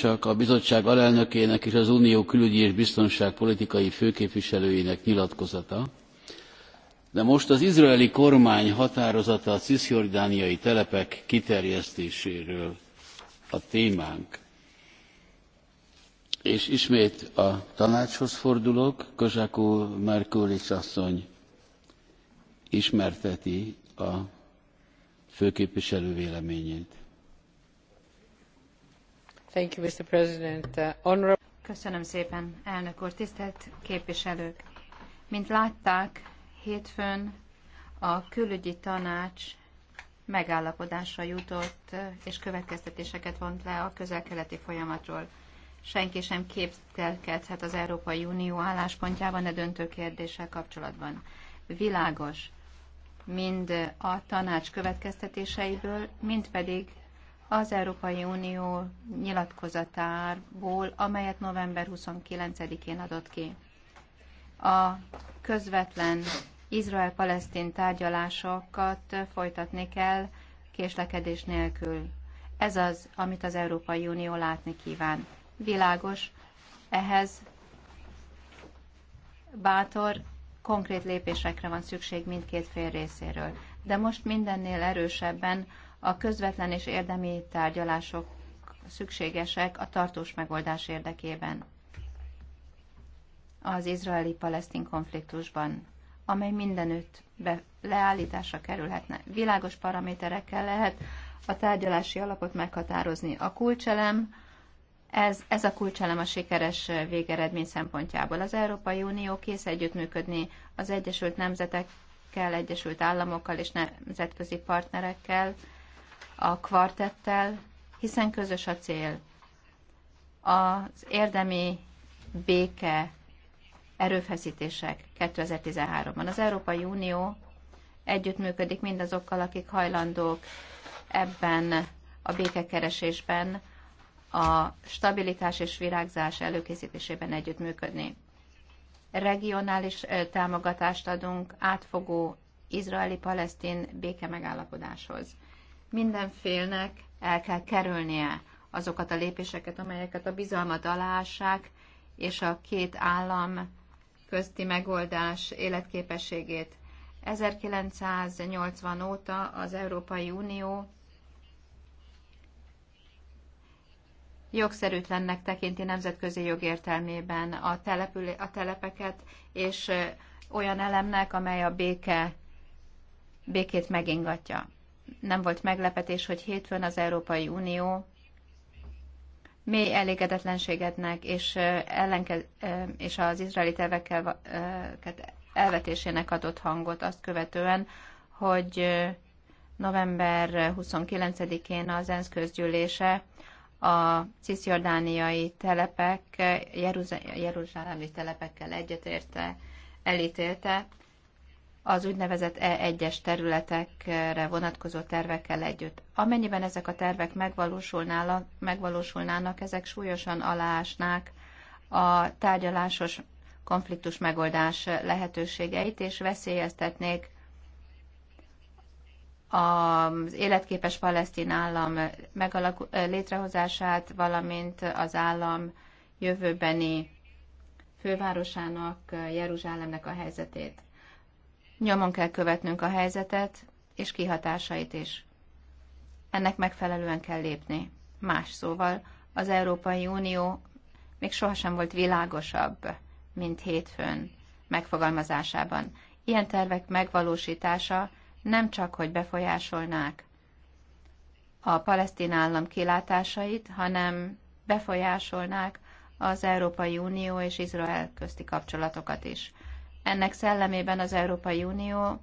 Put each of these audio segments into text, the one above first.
csak a bizottság alelnökének és az unió külügyi és biztonságpolitikai főképviselőjének nyilatkozata de most az izraeli kormány határozata a ciszjordániai telepek kiterjesztéséről a témánk. És ismét a tanácshoz fordulok, Kozsákó Merkulis asszony ismerteti a főképviselő véleményét. Uh, Köszönöm szépen, elnök tisztelt képviselők! Mint látták, hétfőn a külügyi tanács megállapodásra jutott, uh, és következtetéseket vont le a közel-keleti folyamatról. Senki sem képzelkedhet az Európai Unió álláspontjában a döntő kérdéssel kapcsolatban. Világos, mind a tanács következtetéseiből, mind pedig az Európai Unió nyilatkozatából, amelyet november 29-én adott ki. A közvetlen Izrael-Palesztin tárgyalásokat folytatni kell késlekedés nélkül. Ez az, amit az Európai Unió látni kíván. Világos, ehhez bátor, konkrét lépésekre van szükség mindkét fél részéről. De most mindennél erősebben a közvetlen és érdemi tárgyalások szükségesek a tartós megoldás érdekében az izraeli-palesztin konfliktusban, amely mindenütt be leállításra kerülhetne. Világos paraméterekkel lehet a tárgyalási alapot meghatározni. A kulcselem, ez, ez a kulcselem a sikeres végeredmény szempontjából. Az Európai Unió kész együttműködni az Egyesült Nemzetekkel, Egyesült Államokkal és nemzetközi partnerekkel a kvartettel, hiszen közös a cél. Az érdemi béke erőfeszítések 2013-ban. Az Európai Unió együttműködik mindazokkal, akik hajlandók ebben a békekeresésben, a stabilitás és virágzás előkészítésében együttműködni. Regionális támogatást adunk átfogó izraeli-palesztin béke megállapodáshoz minden félnek el kell kerülnie azokat a lépéseket, amelyeket a bizalmat alássák, és a két állam közti megoldás életképességét. 1980 óta az Európai Unió jogszerűtlennek tekinti nemzetközi jogértelmében a, települ, a telepeket, és olyan elemnek, amely a béke, békét megingatja nem volt meglepetés, hogy hétfőn az Európai Unió mély elégedetlenségednek és, ellenke, és az izraeli tervekkel elvetésének adott hangot azt követően, hogy november 29-én az ENSZ közgyűlése a cisjordániai telepek, jeruzsálemi telepekkel egyetérte, elítélte az úgynevezett E1-es területekre vonatkozó tervekkel együtt. Amennyiben ezek a tervek megvalósulnának, ezek súlyosan aláásnák a tárgyalásos konfliktus megoldás lehetőségeit, és veszélyeztetnék az életképes palesztin állam létrehozását, valamint az állam jövőbeni fővárosának, Jeruzsálemnek a helyzetét. Nyomon kell követnünk a helyzetet és kihatásait is. Ennek megfelelően kell lépni. Más szóval, az Európai Unió még sohasem volt világosabb, mint hétfőn megfogalmazásában. Ilyen tervek megvalósítása nem csak, hogy befolyásolnák a palesztin állam kilátásait, hanem befolyásolnák az Európai Unió és Izrael közti kapcsolatokat is. Ennek szellemében az Európai Unió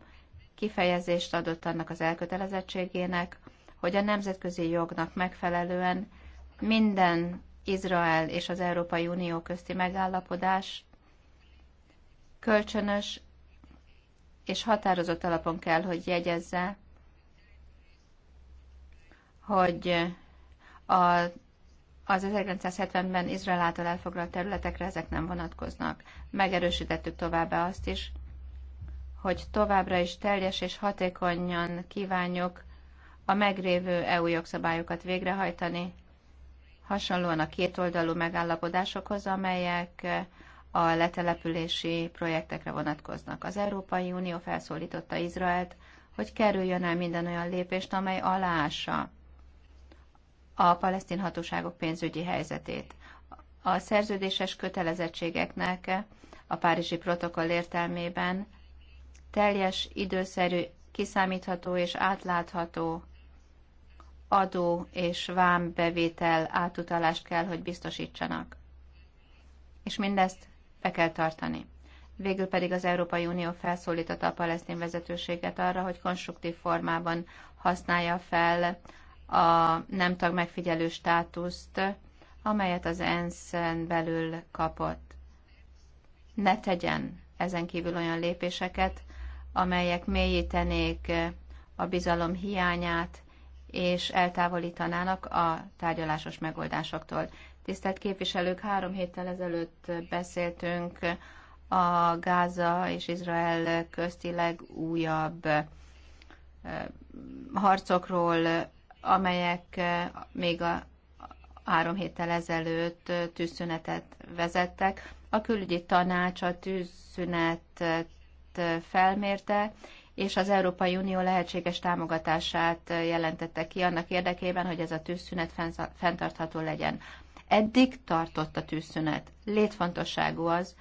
kifejezést adott annak az elkötelezettségének, hogy a nemzetközi jognak megfelelően minden Izrael és az Európai Unió közti megállapodás kölcsönös és határozott alapon kell, hogy jegyezze, hogy a az 1970-ben Izrael által elfoglalt területekre ezek nem vonatkoznak. Megerősítettük továbbá azt is, hogy továbbra is teljes és hatékonyan kívánjuk a megrévő EU jogszabályokat végrehajtani, hasonlóan a kétoldalú megállapodásokhoz, amelyek a letelepülési projektekre vonatkoznak. Az Európai Unió felszólította Izraelt, hogy kerüljön el minden olyan lépést, amely aláássa a palesztin hatóságok pénzügyi helyzetét. A szerződéses kötelezettségeknek a Párizsi protokoll értelmében teljes, időszerű, kiszámítható és átlátható adó és vámbevétel átutalást kell, hogy biztosítsanak. És mindezt be kell tartani. Végül pedig az Európai Unió felszólította a palesztin vezetőséget arra, hogy konstruktív formában használja fel a nem tag megfigyelő státuszt, amelyet az ensz belül kapott. Ne tegyen ezen kívül olyan lépéseket, amelyek mélyítenék a bizalom hiányát, és eltávolítanának a tárgyalásos megoldásoktól. Tisztelt képviselők, három héttel ezelőtt beszéltünk a Gáza és Izrael közti legújabb harcokról, amelyek eh, még a három héttel ezelőtt eh, tűzszünetet vezettek. A külügyi tanács a tűzszünetet eh, felmérte, és az Európai Unió lehetséges támogatását jelentette ki annak érdekében, hogy ez a tűzszünet fenntartható legyen. Eddig tartott a tűzszünet. Létfontosságú az,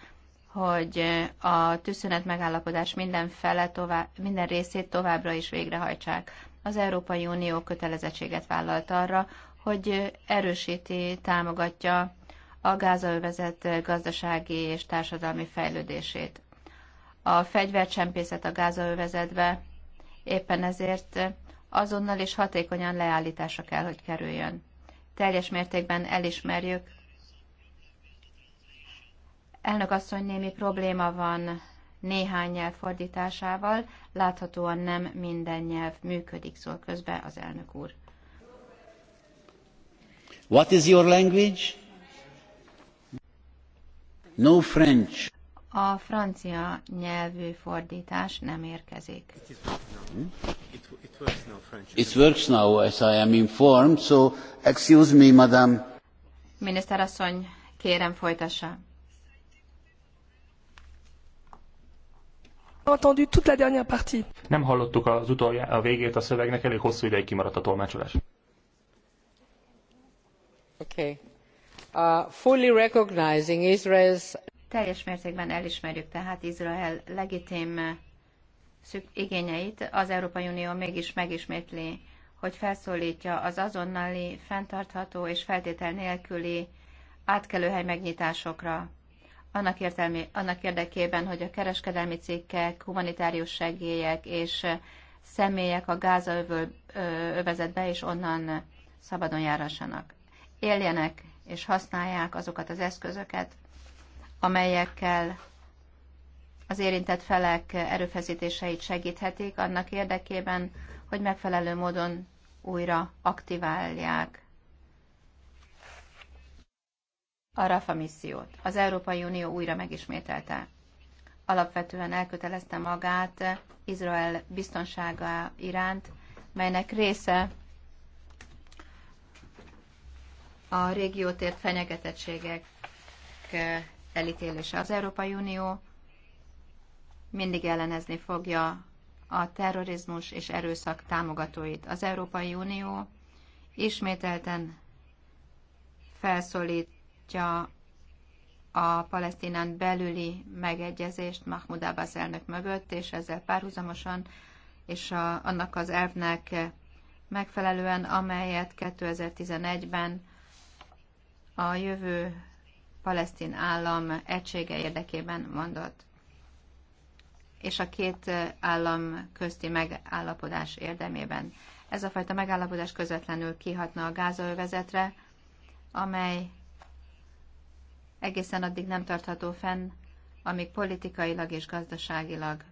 hogy a tűzszünet megállapodás minden, fele tovább, minden részét továbbra is végrehajtsák az Európai Unió kötelezettséget vállalt arra, hogy erősíti, támogatja a gázaövezet gazdasági és társadalmi fejlődését. A fegyvercsempészet a gázaövezetbe éppen ezért azonnal és hatékonyan leállításra kell, hogy kerüljön. Teljes mértékben elismerjük. Elnök asszony, némi probléma van néhány nyelv fordításával, láthatóan nem minden nyelv működik, szól közbe az elnök úr. What is your language? No French. A francia nyelvű fordítás nem érkezik. It works now, as I am informed, so excuse me, madam. Miniszterasszony, kérem folytassa. entendu toute la dernière partie. Nem hallottuk az utolja, a végét a szövegnek, elég hosszú ideig kimaradt a tolmácsolás. Okay. Uh, fully recognizing Israel's... Teljes mértékben elismerjük tehát Izrael legitim igényeit, az Európai Unió mégis megismétli, hogy felszólítja az azonnali, fenntartható és feltétel nélküli átkelőhely megnyitásokra annak, értelmi, annak érdekében, hogy a kereskedelmi cikkek, humanitárius segélyek és személyek a gázaövel övezetbe és onnan szabadon járhassanak. Éljenek és használják azokat az eszközöket, amelyekkel az érintett felek erőfeszítéseit segíthetik annak érdekében, hogy megfelelő módon újra aktiválják a RAFA missziót. Az Európai Unió újra megismételte. Alapvetően elkötelezte magát Izrael biztonsága iránt, melynek része a régiót ért fenyegetettségek eh, elítélése. Az Európai Unió mindig ellenezni fogja a terrorizmus és erőszak támogatóit. Az Európai Unió ismételten felszólít támogatja a palesztinán belüli megegyezést Mahmoud Abbas elnök mögött, és ezzel párhuzamosan és a, annak az elvnek megfelelően, amelyet 2011-ben a jövő palesztin állam egysége érdekében mondott, és a két állam közti megállapodás érdemében. Ez a fajta megállapodás közvetlenül kihatna a gázaövezetre, amely egészen addig nem tartható fenn, amíg politikailag és gazdaságilag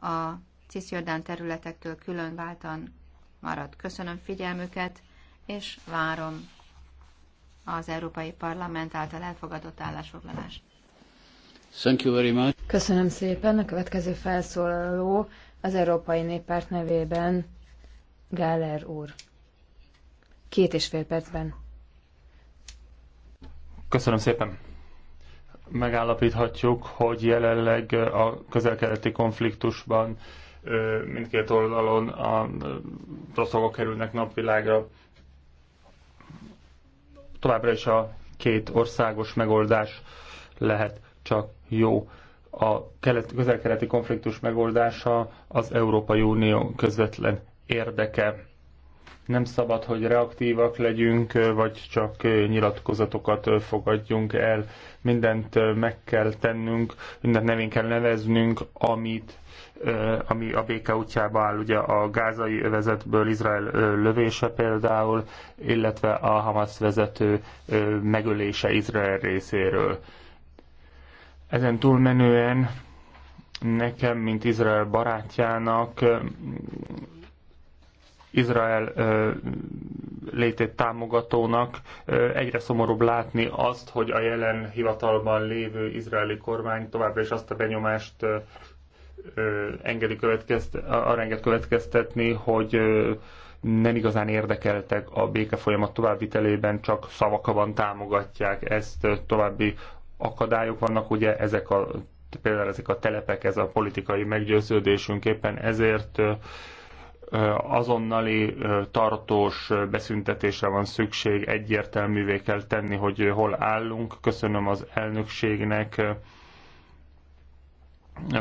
a Cisjordán területektől külön váltan marad. Köszönöm figyelmüket, és várom az Európai Parlament által elfogadott állásfoglalást. Thank you very much. Köszönöm szépen. A következő felszólaló az Európai Néppárt nevében Gáler úr. Két és fél percben. Köszönöm szépen. Megállapíthatjuk, hogy jelenleg a közelkeleti konfliktusban mindkét oldalon a rosszokok kerülnek napvilágra. Továbbra is a két országos megoldás lehet csak jó. A közel-keleti konfliktus megoldása az Európai Unió közvetlen érdeke nem szabad, hogy reaktívak legyünk, vagy csak nyilatkozatokat fogadjunk el. Mindent meg kell tennünk, mindent nevén kell neveznünk, amit ami a béke útjába áll, ugye a gázai övezetből Izrael lövése például, illetve a Hamas vezető megölése Izrael részéről. Ezen túlmenően nekem, mint Izrael barátjának Izrael létét támogatónak egyre szomorúbb látni azt, hogy a jelen hivatalban lévő izraeli kormány továbbra is azt a benyomást engedi következt, arra enged következtetni, hogy nem igazán érdekeltek a béke folyamat továbbvitelében, csak szavakaban támogatják ezt. További akadályok vannak, ugye ezek a például ezek a telepek, ez a politikai meggyőződésünk éppen ezért azonnali tartós beszüntetésre van szükség, egyértelművé kell tenni, hogy hol állunk. Köszönöm az elnökségnek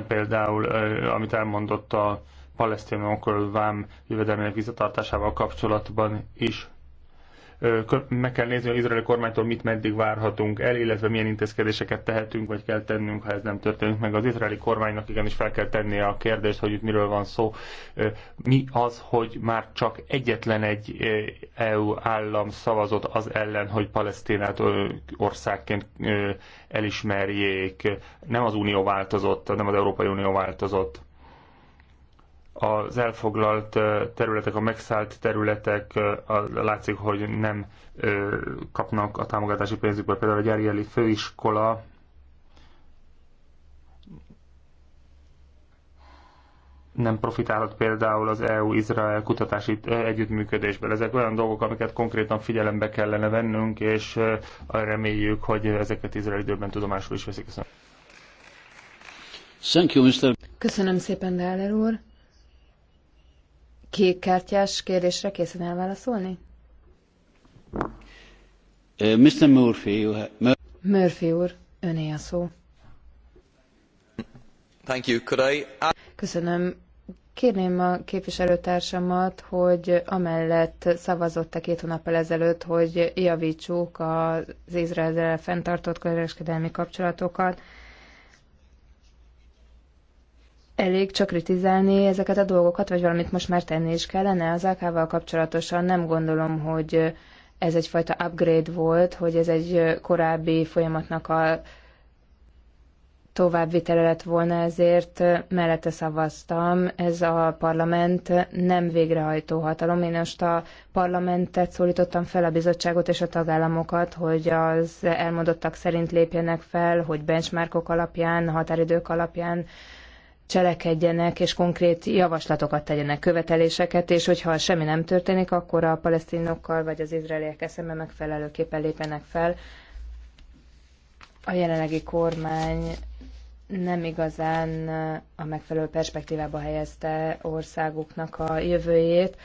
például, amit elmondott a palesztinokról vám jövedelmének visszatartásával kapcsolatban is meg kell nézni, hogy az izraeli kormánytól mit meddig várhatunk el, illetve milyen intézkedéseket tehetünk, vagy kell tennünk, ha ez nem történik meg. Az izraeli kormánynak igenis fel kell tennie a kérdést, hogy itt miről van szó. Mi az, hogy már csak egyetlen egy EU állam szavazott az ellen, hogy Palesztinát országként elismerjék. Nem az Unió változott, nem az Európai Unió változott az elfoglalt területek, a megszállt területek látszik, hogy nem kapnak a támogatási pénzükből. Például a gyárjeli Főiskola nem profitálhat például az EU-Izrael kutatási együttműködésből. Ezek olyan dolgok, amiket konkrétan figyelembe kellene vennünk, és reméljük, hogy ezeket Izrael időben tudomásul is veszik. Köszönöm. Thank you, Mr. Köszönöm szépen, Dáler úr kártyás kérdésre készen elválaszolni? Uh, Mr. Murphy, you have... Murphy úr, öné a szó. Thank you. Could I... Köszönöm. Kérném a képviselőtársamat, hogy amellett szavazott-e két hónappal ezelőtt, hogy javítsuk az Izraelre fenntartott kereskedelmi kapcsolatokat, elég csak kritizálni ezeket a dolgokat, vagy valamit most már tenni is kellene. Az AK-val kapcsolatosan nem gondolom, hogy ez egyfajta upgrade volt, hogy ez egy korábbi folyamatnak a továbbvitele lett volna, ezért mellette szavaztam. Ez a parlament nem végrehajtó hatalom. Én most a parlamentet szólítottam fel, a bizottságot és a tagállamokat, hogy az elmondottak szerint lépjenek fel, hogy benchmarkok alapján, határidők alapján cselekedjenek és konkrét javaslatokat tegyenek, követeléseket, és hogyha semmi nem történik, akkor a palesztinokkal vagy az izraeliek szemben megfelelőképpen lépjenek fel. A jelenlegi kormány nem igazán a megfelelő perspektívába helyezte országuknak a jövőjét.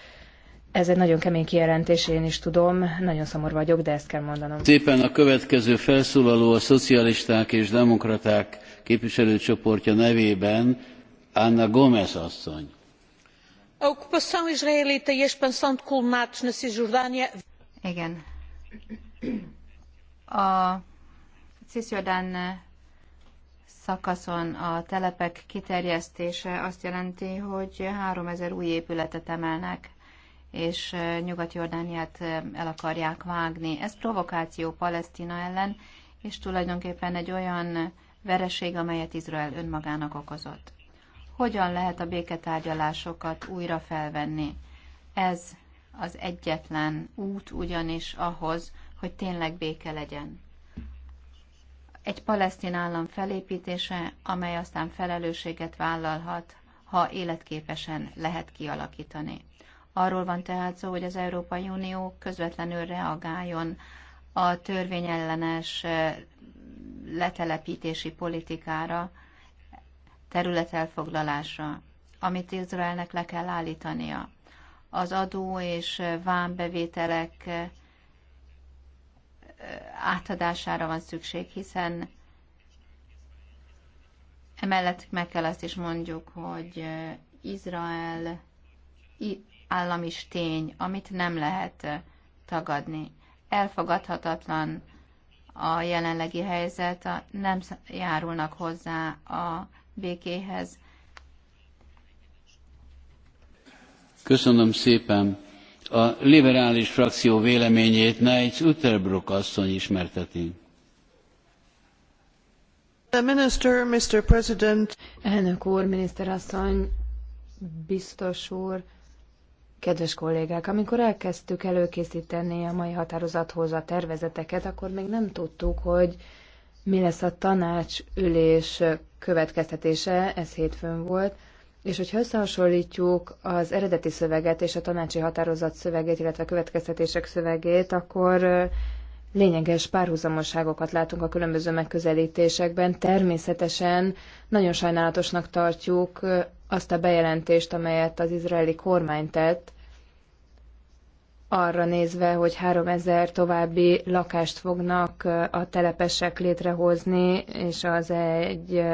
Ez egy nagyon kemény kijelentés, én is tudom, nagyon szomorú vagyok, de ezt kell mondanom. Szépen a következő felszólaló a szocialisták és demokraták képviselőcsoportja nevében Anna Gomez asszony. A ocupação israelita e a expansão na Cisjordânia. Igen. A Cisjordán szakaszon a telepek kiterjesztése azt jelenti, hogy 3000 új épületet emelnek, és Nyugat-Jordániát el akarják vágni. Ez provokáció Palesztina ellen, és tulajdonképpen egy olyan vereség, amelyet Izrael önmagának okozott. Hogyan lehet a béketárgyalásokat újra felvenni? Ez az egyetlen út ugyanis ahhoz, hogy tényleg béke legyen. Egy palesztin állam felépítése, amely aztán felelősséget vállalhat, ha életképesen lehet kialakítani. Arról van tehát szó, hogy az Európai Unió közvetlenül reagáljon a törvényellenes letelepítési politikára, területelfoglalásra, amit Izraelnek le kell állítania. Az adó és vámbevételek átadására van szükség, hiszen emellett meg kell azt is mondjuk, hogy Izrael állam is tény, amit nem lehet tagadni. Elfogadhatatlan a jelenlegi helyzet nem járulnak hozzá a békéhez. Köszönöm szépen. A liberális frakció véleményét Neitz Utterbrook asszony ismerteti. The minister, Mr. President. Elnök úr, miniszterasszony, biztos úr, Kedves kollégák, amikor elkezdtük előkészíteni a mai határozathoz a tervezeteket, akkor még nem tudtuk, hogy mi lesz a tanács ülés következtetése, ez hétfőn volt, és hogyha összehasonlítjuk az eredeti szöveget és a tanácsi határozat szövegét, illetve a következtetések szövegét, akkor lényeges párhuzamosságokat látunk a különböző megközelítésekben. Természetesen nagyon sajnálatosnak tartjuk azt a bejelentést, amelyet az izraeli kormány tett, arra nézve, hogy 3000 további lakást fognak a telepesek létrehozni, és az egy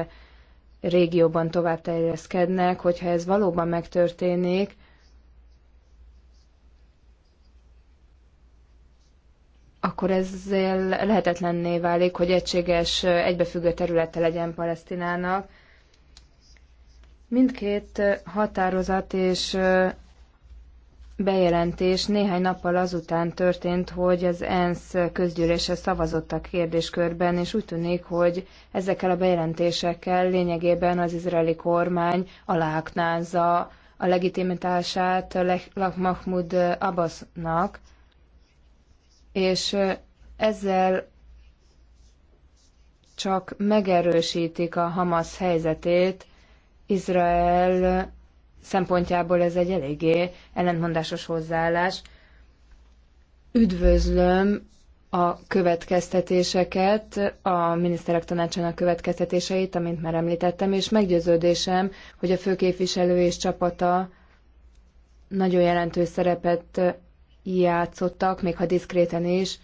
régióban tovább terjeszkednek, hogyha ez valóban megtörténik, akkor ezzel lehetetlenné válik, hogy egységes, egybefüggő területe legyen Palesztinának, Mindkét határozat és bejelentés néhány nappal azután történt, hogy az ENSZ közgyűlése szavazott a kérdéskörben, és úgy tűnik, hogy ezekkel a bejelentésekkel lényegében az izraeli kormány aláknázza a legitimitását Lech Mahmoud Abbasnak, és ezzel csak megerősítik a Hamas helyzetét, Izrael szempontjából ez egy eléggé ellentmondásos hozzáállás. Üdvözlöm a következtetéseket, a miniszterek tanácsának következtetéseit, amint már említettem, és meggyőződésem, hogy a főképviselő és csapata nagyon jelentős szerepet játszottak, még ha diszkréten is,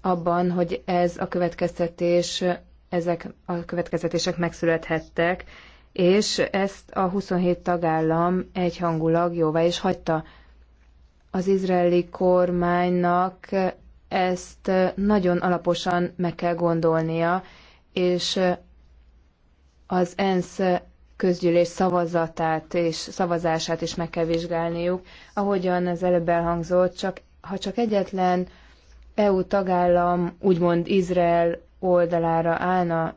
abban, hogy ez a következtetés, ezek a következtetések megszülethettek, és ezt a 27 tagállam egyhangulag jóvá is hagyta. Az izraeli kormánynak ezt nagyon alaposan meg kell gondolnia, és az ENSZ közgyűlés szavazatát és szavazását is meg kell vizsgálniuk. Ahogyan az előbb elhangzott, csak, ha csak egyetlen EU tagállam, úgymond Izrael oldalára állna,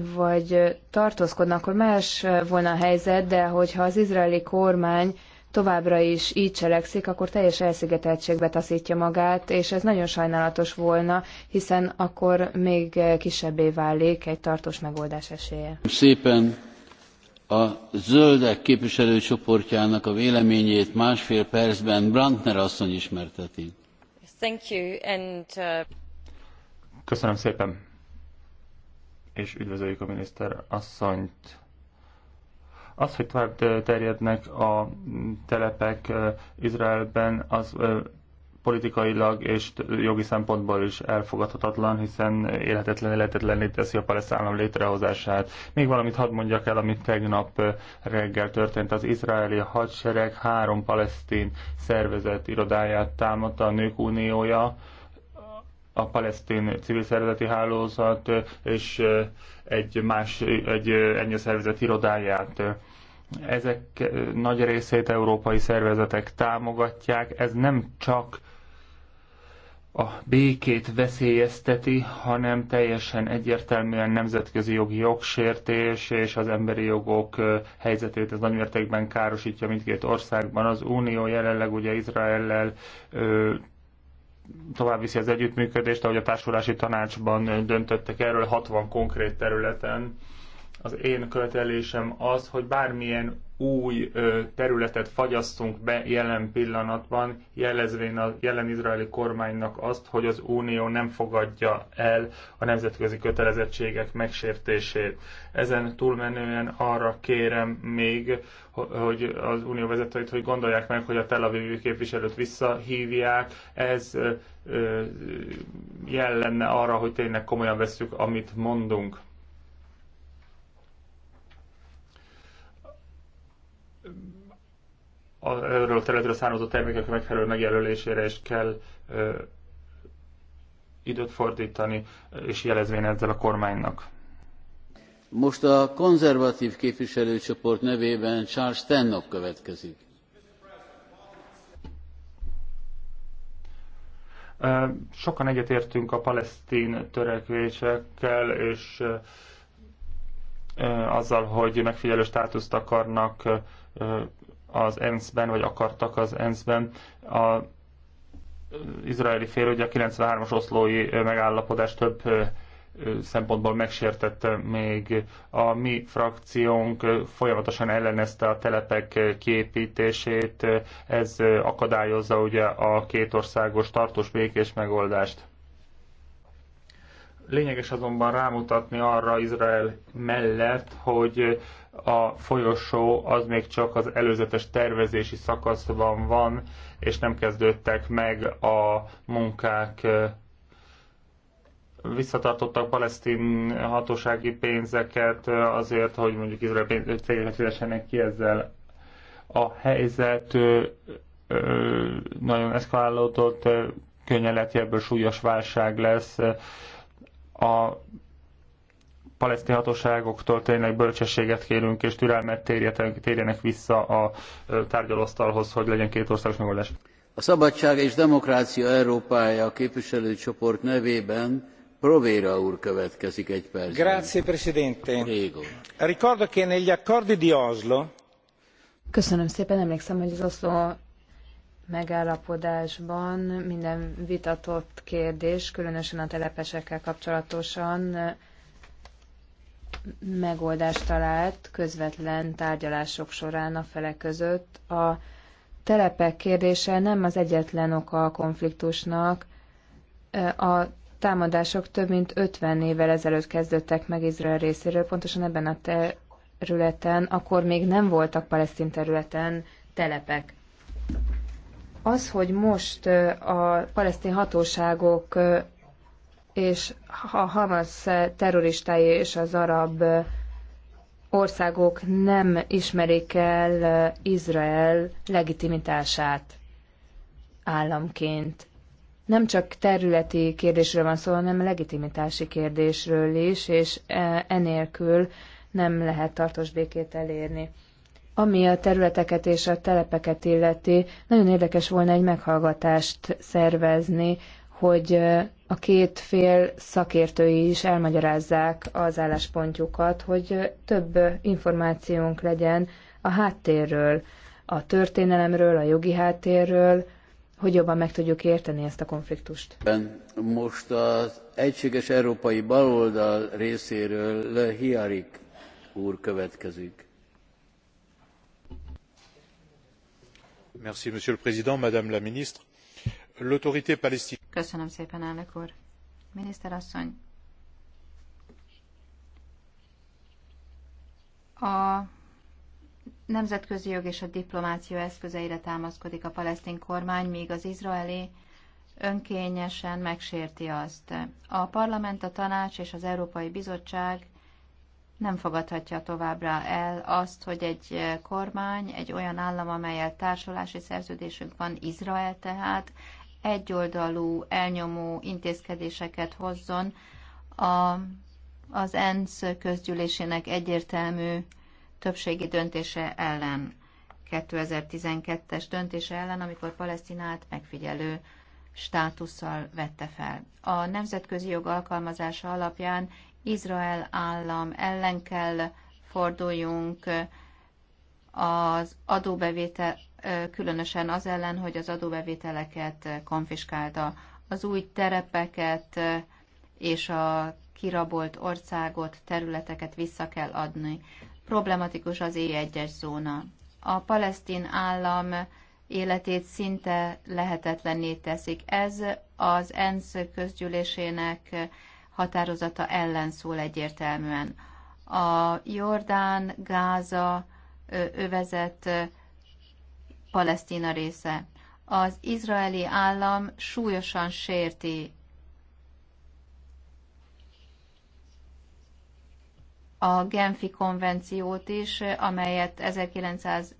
vagy tartózkodna, akkor más volna a helyzet, de hogyha az izraeli kormány továbbra is így cselekszik, akkor teljes elszigeteltségbe taszítja magát, és ez nagyon sajnálatos volna, hiszen akkor még kisebbé válik egy tartós megoldás esélye. Szépen a zöldek képviselőcsoportjának a véleményét másfél percben Brandner asszony ismerteti. Thank you, and, uh... Köszönöm szépen és üdvözöljük a miniszter asszonyt. Az, hogy tovább terjednek a telepek Izraelben, az politikailag és jogi szempontból is elfogadhatatlan, hiszen életetlen életetlenné teszi a palesz állam létrehozását. Még valamit hadd mondjak el, amit tegnap reggel történt. Az izraeli hadsereg három palesztin szervezet irodáját támadta a Nők Uniója, a palesztin civil szervezeti hálózat és egy más, egy ennyi szervezet irodáját. Ezek nagy részét európai szervezetek támogatják. Ez nem csak a békét veszélyezteti, hanem teljesen egyértelműen nemzetközi jogi jogsértés és az emberi jogok helyzetét ez nagymértékben károsítja mindkét országban. Az Unió jelenleg ugye Izraellel tovább viszi az együttműködést, ahogy a társulási tanácsban döntöttek erről 60 konkrét területen. Az én követelésem az, hogy bármilyen új ö, területet fagyasztunk be jelen pillanatban, jelezvén a jelen izraeli kormánynak azt, hogy az Unió nem fogadja el a nemzetközi kötelezettségek megsértését. Ezen túlmenően arra kérem még, hogy az Unió vezetőit, hogy gondolják meg, hogy a Tel aviv képviselőt visszahívják. Ez ö, ö, jel lenne arra, hogy tényleg komolyan veszük, amit mondunk A erről a területről származó termékek megfelelő megjelölésére is kell ö, időt fordítani, és jelezvén ezzel a kormánynak. Most a konzervatív képviselőcsoport nevében Charles Tennock következik. Sokan egyetértünk a palesztin törekvésekkel, és azzal, hogy megfigyelő státuszt akarnak az ENSZ-ben, vagy akartak az ENSZ-ben a izraeli fél ugye a 93-as oszlói megállapodást több szempontból megsértette még a mi frakciónk folyamatosan ellenezte a telepek kiépítését, ez akadályozza ugye a kétországos tartós békés megoldást. Lényeges azonban rámutatni arra Izrael mellett, hogy a folyosó az még csak az előzetes tervezési szakaszban van, és nem kezdődtek meg a munkák visszatartottak palesztin hatósági pénzeket azért, hogy mondjuk izrael cégeket fizessenek ki ezzel. A helyzet nagyon eszkalálódott, könnyen lehet, hogy ebből súlyos válság lesz, a palesztin hatóságoktól tényleg bölcsességet kérünk, és türelmet térjenek vissza a tárgyalóasztalhoz, hogy legyen két országos megoldás. A Szabadság és Demokrácia Európája képviselőcsoport nevében Provera úr következik egy percben. Grazie, Presidente. Régo. Ricordo che negli accordi di Oslo... Köszönöm szépen, emlékszem, hogy az Oslo megállapodásban minden vitatott kérdés, különösen a telepesekkel kapcsolatosan megoldást talált közvetlen tárgyalások során a felek között. A telepek kérdése nem az egyetlen oka a konfliktusnak. A támadások több mint 50 évvel ezelőtt kezdődtek meg Izrael részéről, pontosan ebben a területen, akkor még nem voltak palesztin területen telepek. Az, hogy most a palesztin hatóságok és a Hamas terroristái és az arab országok nem ismerik el Izrael legitimitását államként. Nem csak területi kérdésről van szó, hanem legitimitási kérdésről is, és e, enélkül nem lehet tartós békét elérni. Ami a területeket és a telepeket illeti, nagyon érdekes volna egy meghallgatást szervezni, hogy a két fél szakértői is elmagyarázzák az álláspontjukat, hogy több információnk legyen a háttérről, a történelemről, a jogi háttérről, hogy jobban meg tudjuk érteni ezt a konfliktust. Most az Egységes Európai Baloldal részéről Le Hiarik úr következik. monsieur le président madame la ministre l'autorité palestinienne. a nemzetközi jog és a diplomácia eszközeire támaszkodik a palesztin kormány míg az izraeli önkényesen megsérti azt. A parlament, a tanács és az Európai Bizottság nem fogadhatja továbbra el azt, hogy egy kormány, egy olyan állam, amelyel társulási szerződésünk van, Izrael tehát, egyoldalú, elnyomó intézkedéseket hozzon a, az ENSZ közgyűlésének egyértelmű többségi döntése ellen, 2012-es döntése ellen, amikor Palesztinát megfigyelő státusszal vette fel. A nemzetközi jog alkalmazása alapján Izrael állam ellen kell forduljunk az adóbevétel, különösen az ellen, hogy az adóbevételeket konfiskálta, az új terepeket és a kirabolt országot, területeket vissza kell adni. Problematikus az E1-es zóna. A palesztin állam életét szinte lehetetlenné teszik. Ez az ENSZ közgyűlésének határozata ellen szól egyértelműen. A Jordán, Gáza övezet Palesztina része. Az izraeli állam súlyosan sérti a Genfi konvenciót is, amelyet 1900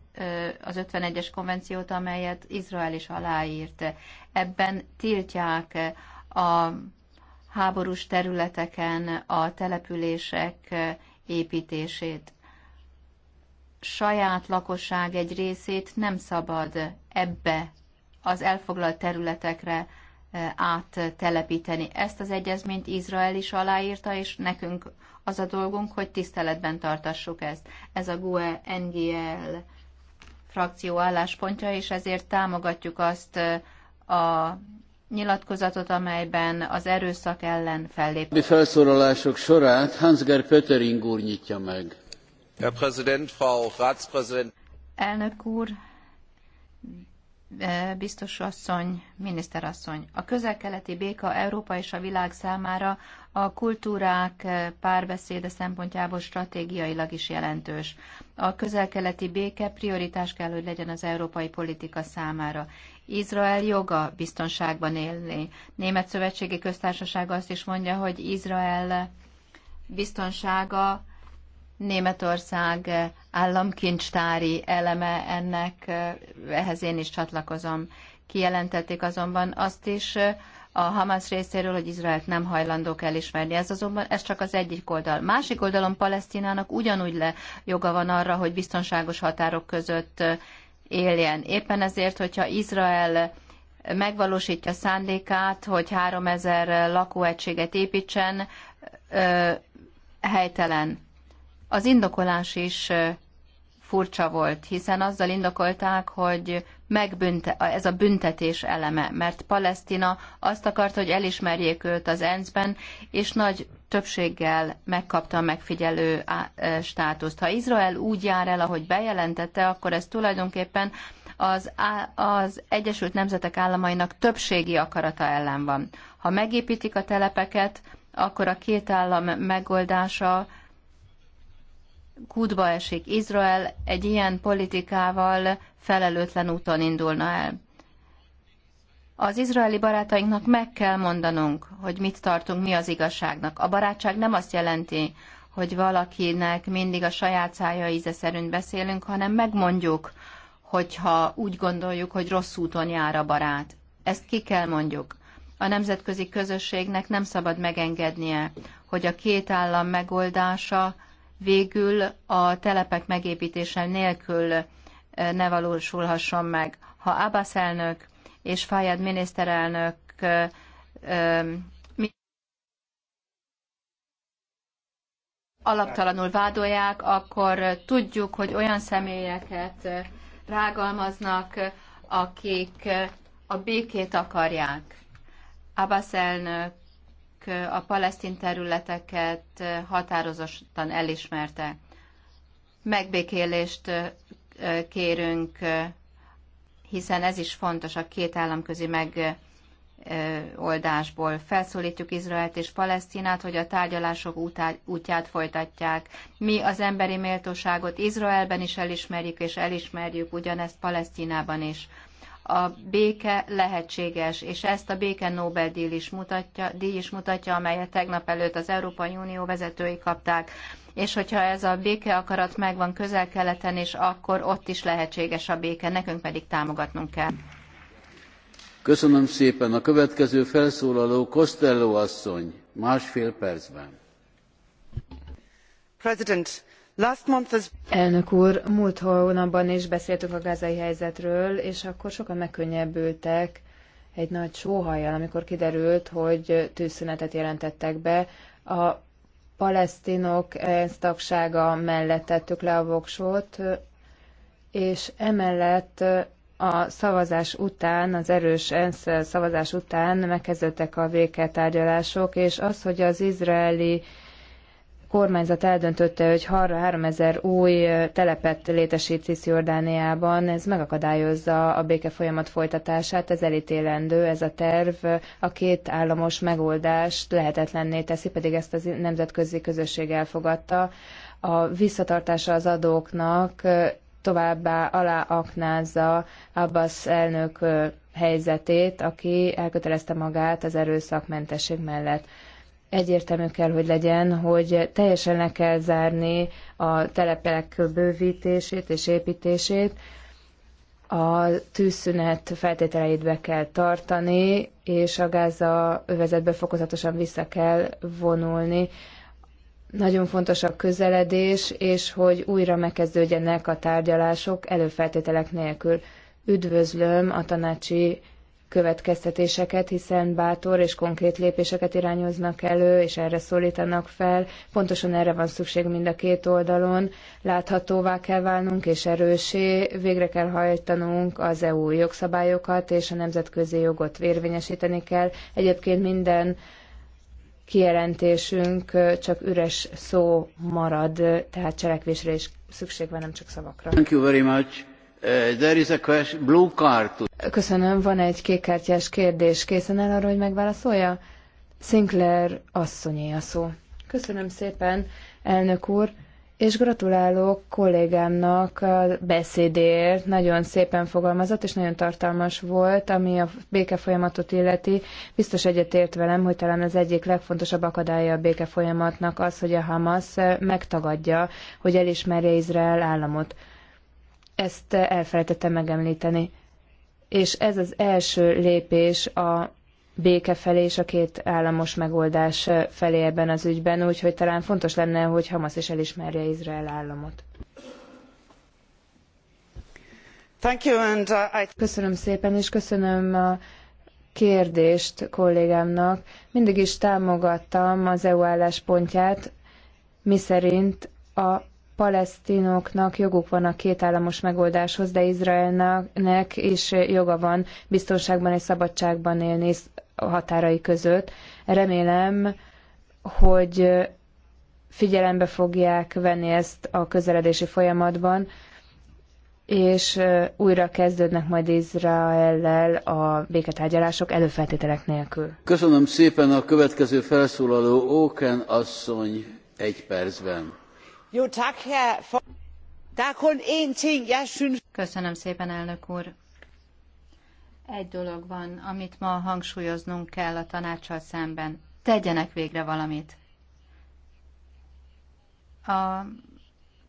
az 51-es konvenciót, amelyet Izrael is aláírt. Ebben tiltják a háborús területeken a települések építését. Saját lakosság egy részét nem szabad ebbe az elfoglalt területekre e, áttelepíteni. Ezt az egyezményt Izrael is aláírta, és nekünk az a dolgunk, hogy tiszteletben tartassuk ezt. Ez a GUE NGL frakció álláspontja, és ezért támogatjuk azt e, a nyilatkozatot, amelyben az erőszak ellen fellép. A felszólalások sorát Hansger Pöttering úr nyitja meg. Herr Präsident, Frau Ratspräsident. Elnök úr, eh, biztos asszony, miniszterasszony. A közel-keleti béka Európa és a világ számára a kultúrák eh, párbeszéde szempontjából stratégiailag is jelentős. A közel-keleti béke prioritás kell, hogy legyen az európai politika számára. Izrael joga biztonságban élni. Német Szövetségi Köztársaság azt is mondja, hogy Izrael biztonsága Németország államkincstári eleme ennek, ehhez én is csatlakozom. Kijelentették azonban azt is a Hamas részéről, hogy Izraelt nem hajlandók elismerni. Ez azonban ez csak az egyik oldal. Másik oldalon Palesztinának ugyanúgy le joga van arra, hogy biztonságos határok között éljen. Éppen ezért, hogyha Izrael megvalósítja szándékát, hogy 3000 lakóegységet építsen, helytelen. Az indokolás is furcsa volt, hiszen azzal indokolták, hogy megbünte, ez a büntetés eleme, mert Palesztina azt akart, hogy elismerjék őt az ENSZ-ben, és nagy többséggel megkapta a megfigyelő e, státuszt. Ha Izrael úgy jár el, ahogy bejelentette, akkor ez tulajdonképpen az, az Egyesült Nemzetek államainak többségi akarata ellen van. Ha megépítik a telepeket, akkor a két állam megoldása kútba esik. Izrael egy ilyen politikával felelőtlen úton indulna el. Az izraeli barátainknak meg kell mondanunk, hogy mit tartunk mi az igazságnak. A barátság nem azt jelenti, hogy valakinek mindig a saját szája íze szerint beszélünk, hanem megmondjuk, hogyha úgy gondoljuk, hogy rossz úton jár a barát. Ezt ki kell mondjuk. A nemzetközi közösségnek nem szabad megengednie, hogy a két állam megoldása végül a telepek megépítése nélkül eh, ne valósulhasson meg. Ha Abbas elnök és Fayad miniszterelnök eh, eh, alaptalanul vádolják, akkor tudjuk, hogy olyan személyeket rágalmaznak, akik a békét akarják. Abbas elnök a palesztin területeket határozottan elismerte. Megbékélést kérünk, hiszen ez is fontos a két állam államközi megoldásból. Felszólítjuk Izraelt és Palesztinát, hogy a tárgyalások útját folytatják. Mi az emberi méltóságot Izraelben is elismerjük, és elismerjük ugyanezt Palesztinában is a béke lehetséges, és ezt a béke Nobel-díj is mutatja, díj is mutatja, amelyet tegnap előtt az Európai Unió vezetői kapták. És hogyha ez a béke akarat megvan közel-keleten, és akkor ott is lehetséges a béke, nekünk pedig támogatnunk kell. Köszönöm szépen. A következő felszólaló Costello asszony, másfél percben. President, Elnök úr, múlt hónapban is beszéltünk a gázai helyzetről, és akkor sokan megkönnyebbültek egy nagy sóhajjal, amikor kiderült, hogy tűzszünetet jelentettek be. A palesztinok ENSZ tagsága mellett tettük le a voksot, és emellett a szavazás után, az erős ENSZ szavazás után megkezdődtek a béketárgyalások, és az, hogy az izraeli kormányzat eldöntötte, hogy 3000 új telepet létesít Cisziordániában, ez megakadályozza a béke folyamat folytatását, ez elítélendő, ez a terv a két államos megoldást lehetetlenné teszi, pedig ezt a nemzetközi közösség elfogadta. A visszatartása az adóknak továbbá aláaknázza Abbas elnök helyzetét, aki elkötelezte magát az erőszakmentesség mellett egyértelmű kell, hogy legyen, hogy teljesen le kell zárni a telepek bővítését és építését, a tűzszünet feltételeit be kell tartani, és a gáza övezetbe fokozatosan vissza kell vonulni. Nagyon fontos a közeledés, és hogy újra megkezdődjenek a tárgyalások előfeltételek nélkül. Üdvözlöm a tanácsi következtetéseket, hiszen bátor és konkrét lépéseket irányoznak elő, és erre szólítanak fel. Pontosan erre van szükség mind a két oldalon. Láthatóvá kell válnunk és erősé, végre kell hajtanunk az EU jogszabályokat, és a nemzetközi jogot érvényesíteni kell. Egyébként minden kijelentésünk csak üres szó marad, tehát cselekvésre is szükség van, nem csak szavakra. Thank you very much. Uh, there is a question, blue card. Köszönöm, van egy kékkártyás kérdés. Készen el arra, hogy megválaszolja? Sinclair asszonyé a szó. Köszönöm szépen, elnök úr, és gratulálok kollégámnak a beszédért. Nagyon szépen fogalmazott, és nagyon tartalmas volt, ami a béke folyamatot illeti. Biztos egyetért velem, hogy talán az egyik legfontosabb akadálya a béke folyamatnak az, hogy a Hamas megtagadja, hogy elismerje Izrael államot. Ezt elfelejtettem megemlíteni és ez az első lépés a béke felé és a két államos megoldás felé ebben az ügyben, úgyhogy talán fontos lenne, hogy Hamas is elismerje Izrael államot. Uh, köszönöm szépen, és köszönöm a kérdést kollégámnak. Mindig is támogattam az EU álláspontját, miszerint a palesztinoknak joguk van a kétállamos megoldáshoz, de Izraelnek is joga van biztonságban és szabadságban élni a határai között. Remélem, hogy figyelembe fogják venni ezt a közeledési folyamatban, és újra kezdődnek majd Izraellel a béketárgyalások előfeltételek nélkül. Köszönöm szépen a következő felszólaló Óken asszony egy percben. Er Köszönöm szépen, elnök úr. Egy dolog van, amit ma hangsúlyoznunk kell a tanácssal szemben. Tegyenek végre valamit. A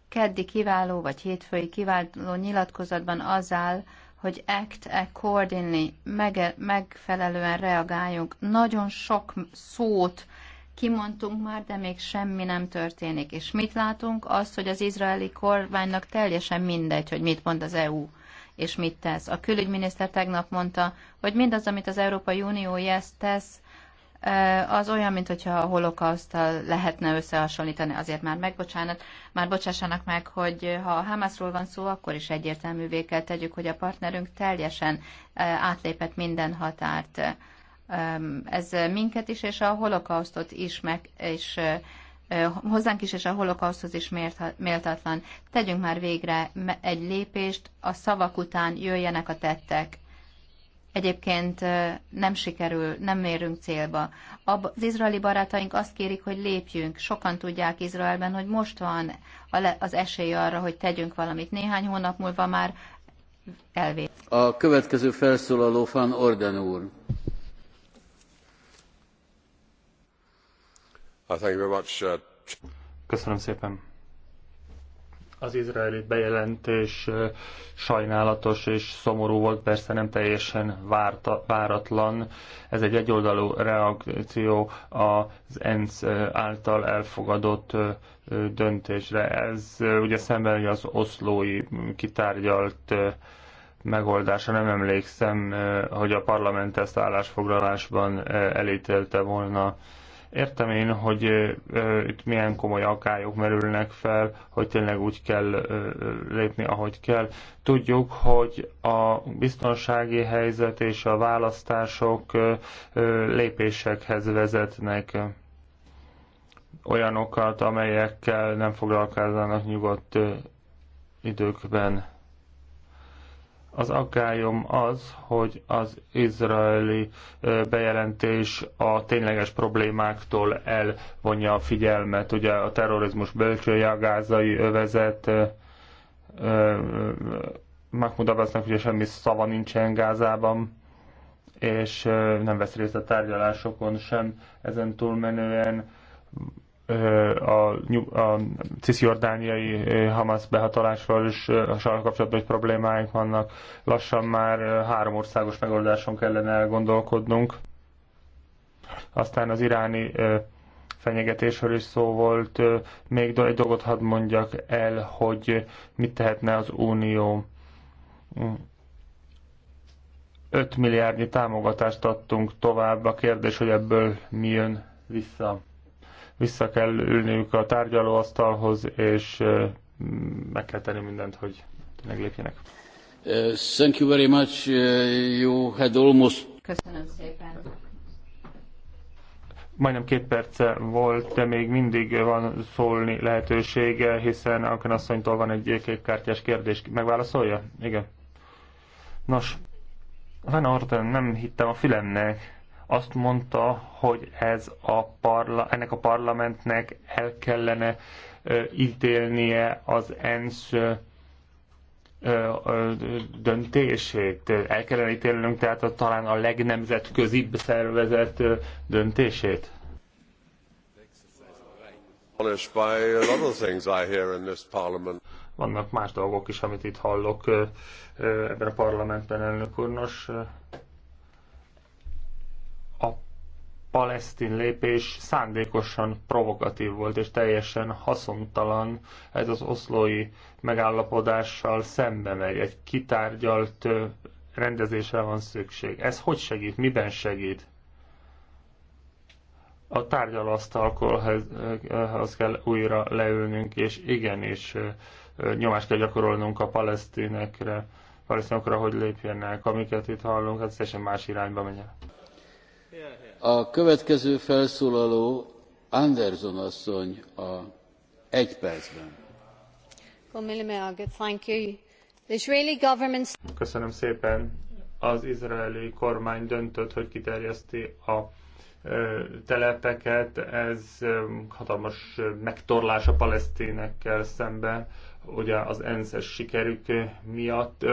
keddi kiváló, vagy hétfői kiváló nyilatkozatban az áll, hogy act accordingly, megfelelően reagáljunk. Nagyon sok szót kimondtunk már, de még semmi nem történik. És mit látunk? Azt, hogy az izraeli kormánynak teljesen mindegy, hogy mit mond az EU és mit tesz. A külügyminiszter tegnap mondta, hogy mindaz, amit az Európai Unió yes, tesz, e, az olyan, mint hogyha a holokausztal lehetne összehasonlítani, azért már megbocsánat, már bocsássanak meg, hogy ha a Hamasról van szó, akkor is egyértelművé kell tegyük, hogy a partnerünk teljesen e, átlépett minden határt ez minket is, és a holokausztot is, meg, és hozzánk is, és a holokauszthoz is méltatlan. Tegyünk már végre egy lépést, a szavak után jöjjenek a tettek. Egyébként nem sikerül, nem mérünk célba. Az izraeli barátaink azt kérik, hogy lépjünk. Sokan tudják Izraelben, hogy most van az esély arra, hogy tegyünk valamit. Néhány hónap múlva már elvét. A következő felszólaló Fan Orden úr. Uh, uh, Köszönöm szépen. Az izraeli bejelentés uh, sajnálatos és szomorú volt, persze nem teljesen várta, váratlan. Ez egy egyoldalú reakció az ENSZ által elfogadott döntésre. Ez ugye szemben az oszlói kitárgyalt megoldása. Nem emlékszem, hogy a parlament ezt állásfoglalásban elítélte volna Értem én, hogy itt milyen komoly akályok merülnek fel, hogy tényleg úgy kell lépni, ahogy kell. Tudjuk, hogy a biztonsági helyzet és a választások lépésekhez vezetnek olyanokat, amelyekkel nem foglalkoznának nyugodt időkben. Az aggályom az, hogy az izraeli bejelentés a tényleges problémáktól elvonja a figyelmet. Ugye a terrorizmus bölcsője a gázai övezet, Mahmoud Abbasnak ugye semmi szava nincsen Gázában, és nem vesz részt a tárgyalásokon sem ezen túlmenően a, a cisziordániai Hamas behatolásról is hasonló kapcsolatban is problémáink vannak. Lassan már három országos megoldáson kellene elgondolkodnunk. Aztán az iráni fenyegetésről is szó volt. Még egy dolgot hadd mondjak el, hogy mit tehetne az Unió. 5 milliárdnyi támogatást adtunk tovább. A kérdés, hogy ebből mi jön vissza vissza kell ülniük a tárgyalóasztalhoz, és meg kell tenni mindent, hogy tényleg lépjenek. Uh, thank you very much. Uh, you had almost... Köszönöm szépen. Majdnem két perce volt, de még mindig van szólni lehetősége, hiszen Anken asszonytól van egy kékkártyás kérdés. Megválaszolja? Igen. Nos, Van Orden, nem hittem a fülemnek azt mondta, hogy ez a parla, ennek a parlamentnek el kellene ítélnie az ENSZ döntését. El kellene ítélnünk tehát a, talán a legnemzetközibb szervezet döntését? Vannak más dolgok is, amit itt hallok ebben a parlamentben, elnök úr. Nos, palesztin lépés szándékosan provokatív volt, és teljesen haszontalan ez az oszlói megállapodással szembe megy. Egy kitárgyalt rendezésre van szükség. Ez hogy segít? Miben segít? A tárgyalasztalkolhoz kell újra leülnünk, és igenis nyomást kell gyakorolnunk a palesztinekre, palesztinokra, hogy lépjenek, amiket itt hallunk, hát teljesen más irányba megy a következő felszólaló Anderson asszony a egy percben. Köszönöm szépen. Az izraeli kormány döntött, hogy kiterjeszti a telepeket. Ez hatalmas megtorlás a palesztinekkel szemben, ugye az ENSZ-es sikerük miatt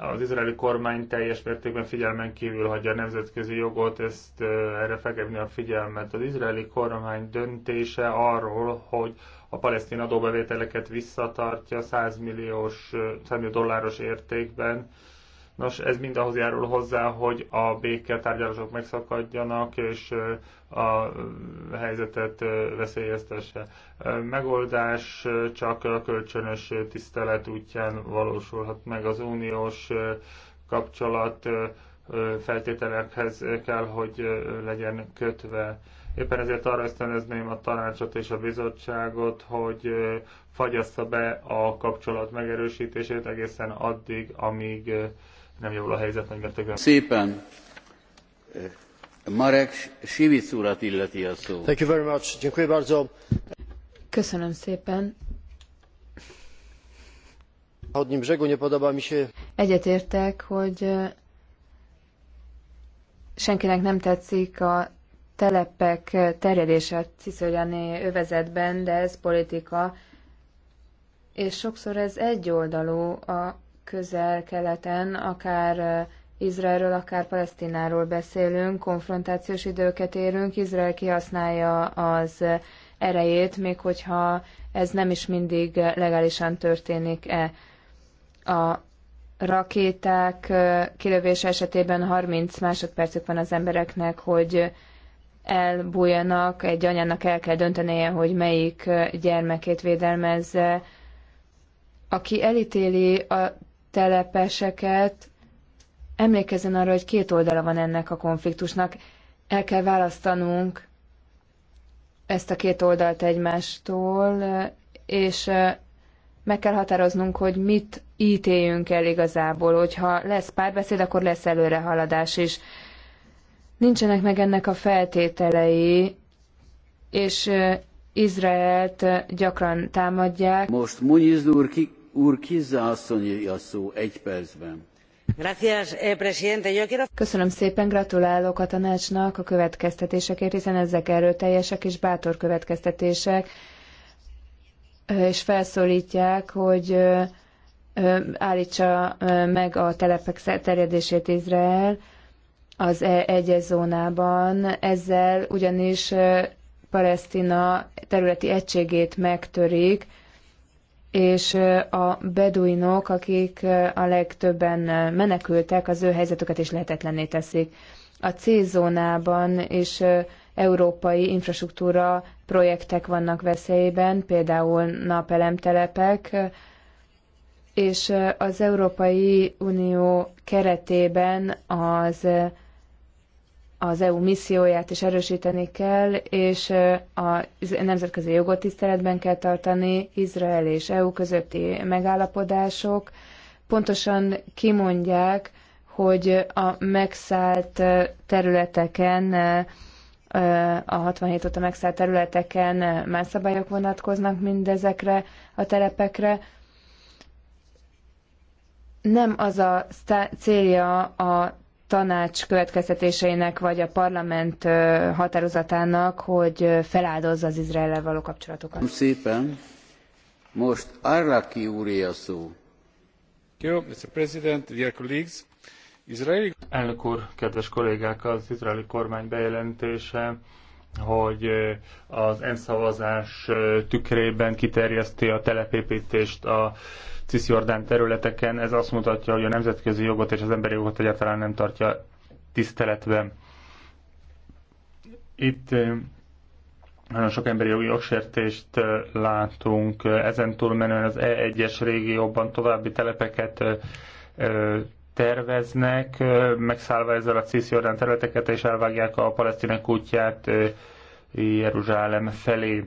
az izraeli kormány teljes mértékben figyelmen kívül hagyja a nemzetközi jogot, ezt erre fegevni a figyelmet. Az izraeli kormány döntése arról, hogy a palesztin adóbevételeket visszatartja 100 milliós, 100 millió dolláros értékben, Nos, ez mind ahhoz járul hozzá, hogy a béke tárgyalások megszakadjanak, és a helyzetet veszélyeztesse. Megoldás csak a kölcsönös tisztelet útján valósulhat meg az uniós kapcsolat feltételekhez kell, hogy legyen kötve. Éppen ezért arra ösztönözném a tanácsot és a bizottságot, hogy fagyassza be a kapcsolat megerősítését egészen addig, amíg nem javul a helyzet nagy mértékben. Szépen. Marek Sivic urat illeti a szó. Thank you very much. Dziękuję bardzo. Köszönöm szépen. Zachodnim brzegu nie podoba mi się. Egyetértek, hogy e, senkinek nem tetszik a telepek e, terjedése a övezetben, de ez politika, és sokszor ez egyoldalú a közel-keleten, akár eh, Izraelről, akár Palesztináról beszélünk, konfrontációs időket érünk, Izrael kihasználja az eh, erejét, még hogyha ez nem is mindig eh, legálisan történik-e. A rakéták kilövése esetében 30 másodpercük van az embereknek, hogy elbújjanak, egy anyának el kell döntenie, hogy melyik gyermekét védelmezze. Aki elítéli a telepeseket, emlékezzen arra, hogy két oldala van ennek a konfliktusnak. El kell választanunk ezt a két oldalt egymástól, és meg kell határoznunk, hogy mit ítéljünk el igazából. Hogyha lesz párbeszéd, akkor lesz előrehaladás is. Nincsenek meg ennek a feltételei, és Izraelt gyakran támadják. Most Munyiz úr ki Eh, Köszönöm szépen, gratulálok a tanácsnak a következtetésekért, hiszen ezek erőteljesek és bátor következtetések, eh, és felszólítják, hogy eh, állítsa meg a telepek terjedését Izrael az e egyes zónában. Ezzel ugyanis Palesztina területi egységét megtörik, és a beduinok, akik a legtöbben menekültek, az ő helyzetüket is lehetetlenné teszik. A C-zónában is európai infrastruktúra projektek vannak veszélyben, például napelemtelepek, és az Európai Unió keretében az az EU misszióját is erősíteni kell, és a nemzetközi jogot tiszteletben kell tartani, Izrael és EU közötti megállapodások pontosan kimondják, hogy a megszállt területeken, a 67 óta megszállt területeken más szabályok vonatkoznak mindezekre a telepekre, nem az a célja a tanács következtetéseinek vagy a parlament határozatának, hogy feláldozza az Izraellel való kapcsolatokat. szépen. Most Arlaki úré a szó. Jó, Mr. President, dear colleagues. Izraeli... Elnök úr, kedves kollégák, az izraeli kormány bejelentése hogy az ENSZ szavazás tükrében kiterjeszti a telepépítést a Cisjordán területeken. Ez azt mutatja, hogy a nemzetközi jogot és az emberi jogot egyáltalán nem tartja tiszteletben. Itt eh, nagyon sok emberi jogi jogsértést eh, látunk. Ezen túlmenően az E1-es régióban további telepeket eh, terveznek, megszállva ezzel a Cisjordán területeket, és elvágják a palesztinek útját Jeruzsálem felé.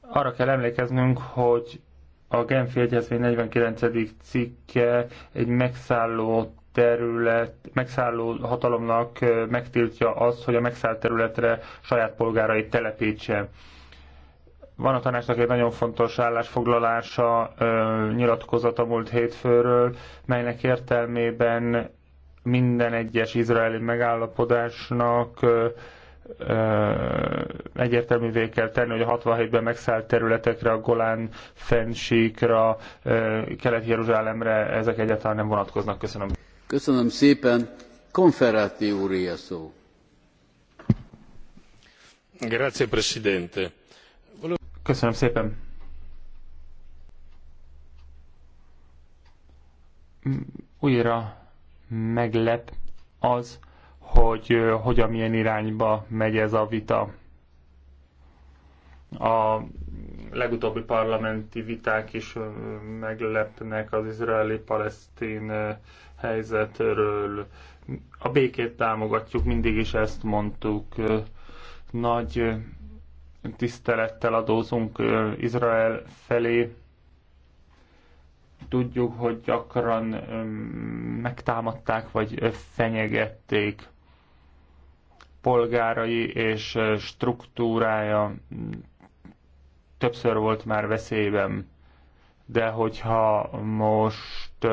Arra kell emlékeznünk, hogy a Genfi Egyezmény 49. cikke egy megszálló terület, megszálló hatalomnak megtiltja azt, hogy a megszállt területre saját polgárait telepítse. Van a tanácsnak egy nagyon fontos állásfoglalása, nyilatkozata múlt hétfőről, melynek értelmében minden egyes izraeli megállapodásnak egyértelművé kell tenni, hogy a 67-ben megszállt területekre, a Golán fensíkra, Kelet-Jeruzsálemre ezek egyáltalán nem vonatkoznak. Köszönöm. Köszönöm szépen. Konferáti úr szó. Grazie, Presidente. Köszönöm szépen. Újra meglep az, hogy hogyan milyen irányba megy ez a vita. A legutóbbi parlamenti viták is meglepnek az izraeli-palesztin helyzetről. A békét támogatjuk, mindig is ezt mondtuk. Nagy tisztelettel adózunk Izrael felé. Tudjuk, hogy gyakran megtámadták vagy fenyegették polgárai és struktúrája többször volt már veszélyben, de hogyha most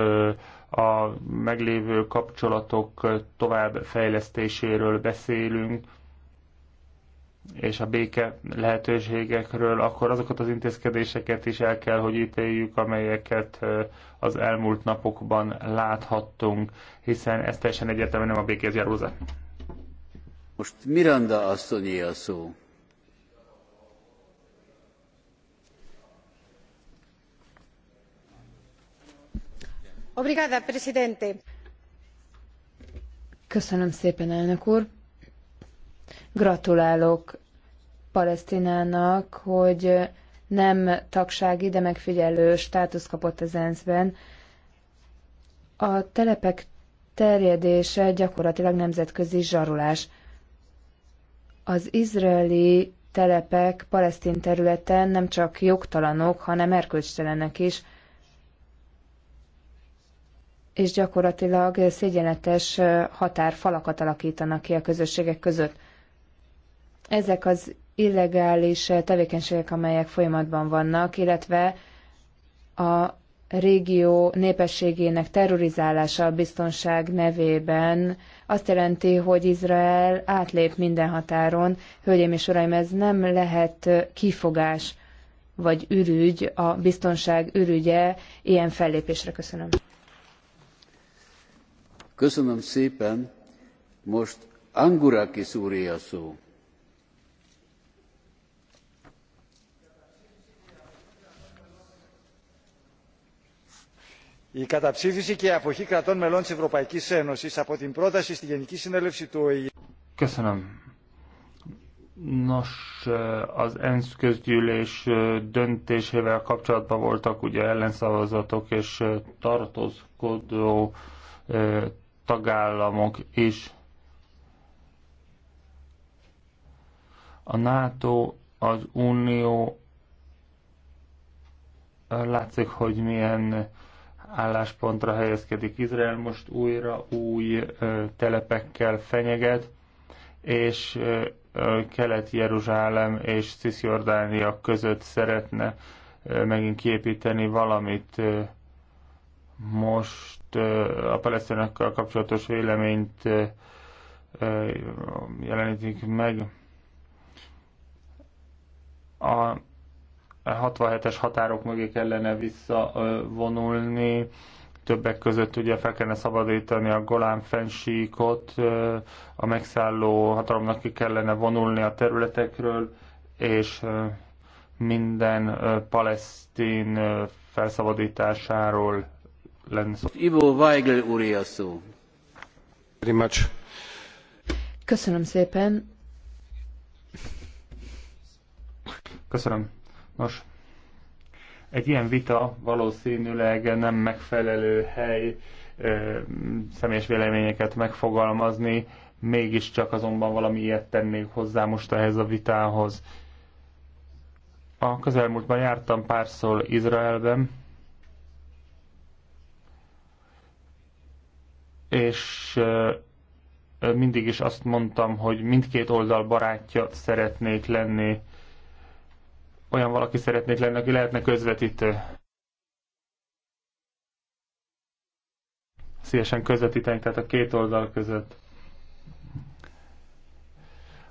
a meglévő kapcsolatok továbbfejlesztéséről beszélünk, és a béke lehetőségekről, akkor azokat az intézkedéseket is el kell, hogy ítéljük, amelyeket az elmúlt napokban láthattunk, hiszen ez teljesen egyértelműen nem a békéhez jár most Miranda asszonyé a szó. Obrigada, presidente. Köszönöm szépen, elnök úr. Gratulálok Palesztinának, hogy nem tagsági, de megfigyelő státusz kapott az ENSZ-ben. A telepek terjedése gyakorlatilag nemzetközi zsarulás. Az izraeli telepek palesztin területen nem csak jogtalanok, hanem erkölcstelenek is, és gyakorlatilag szégyenletes határfalakat alakítanak ki a közösségek között. Ezek az illegális tevékenységek, amelyek folyamatban vannak, illetve a régió népességének terrorizálása a biztonság nevében azt jelenti, hogy Izrael átlép minden határon. Hölgyeim és uraim, ez nem lehet kifogás vagy ürügy, a biztonság ürügye ilyen fellépésre. Köszönöm. Köszönöm szépen. Most Angurakis úr a szó. η καταψήφιση και η αποχή κρατών μελών της Ευρωπαϊκής Ένωσης από την πρόταση στη Γενική Συνέλευση του ΟΗΕ. Köszönöm. Nos, az ENSZ közgyűlés döntésével kapcsolatban voltak ugye ellenszavazatok és tartózkodó tagállamok is. A NATO, az Unió látszik, hogy milyen álláspontra helyezkedik Izrael, most újra új telepekkel fenyeget, és Kelet-Jeruzsálem és Cisjordánia között szeretne megint kiépíteni valamit. Most a palesztinokkal kapcsolatos véleményt jelenítik meg. A 67-es határok mögé kellene visszavonulni, többek között ugye fel kellene szabadítani a Golán fensíkot, a megszálló hatalomnak ki kellene vonulni a területekről, és minden palesztin felszabadításáról lenne szó. Ivo Weigl úr a szó. Very much. Köszönöm szépen. Köszönöm. Nos, egy ilyen vita valószínűleg nem megfelelő hely ö, személyes véleményeket megfogalmazni, mégiscsak azonban valami ilyet tennék hozzá most ehhez a vitához. A közelmúltban jártam párszor Izraelben, és mindig is azt mondtam, hogy mindkét oldal barátja szeretnék lenni olyan valaki szeretnék lenni, aki lehetne közvetítő. Szívesen közvetíteni, tehát a két oldal között.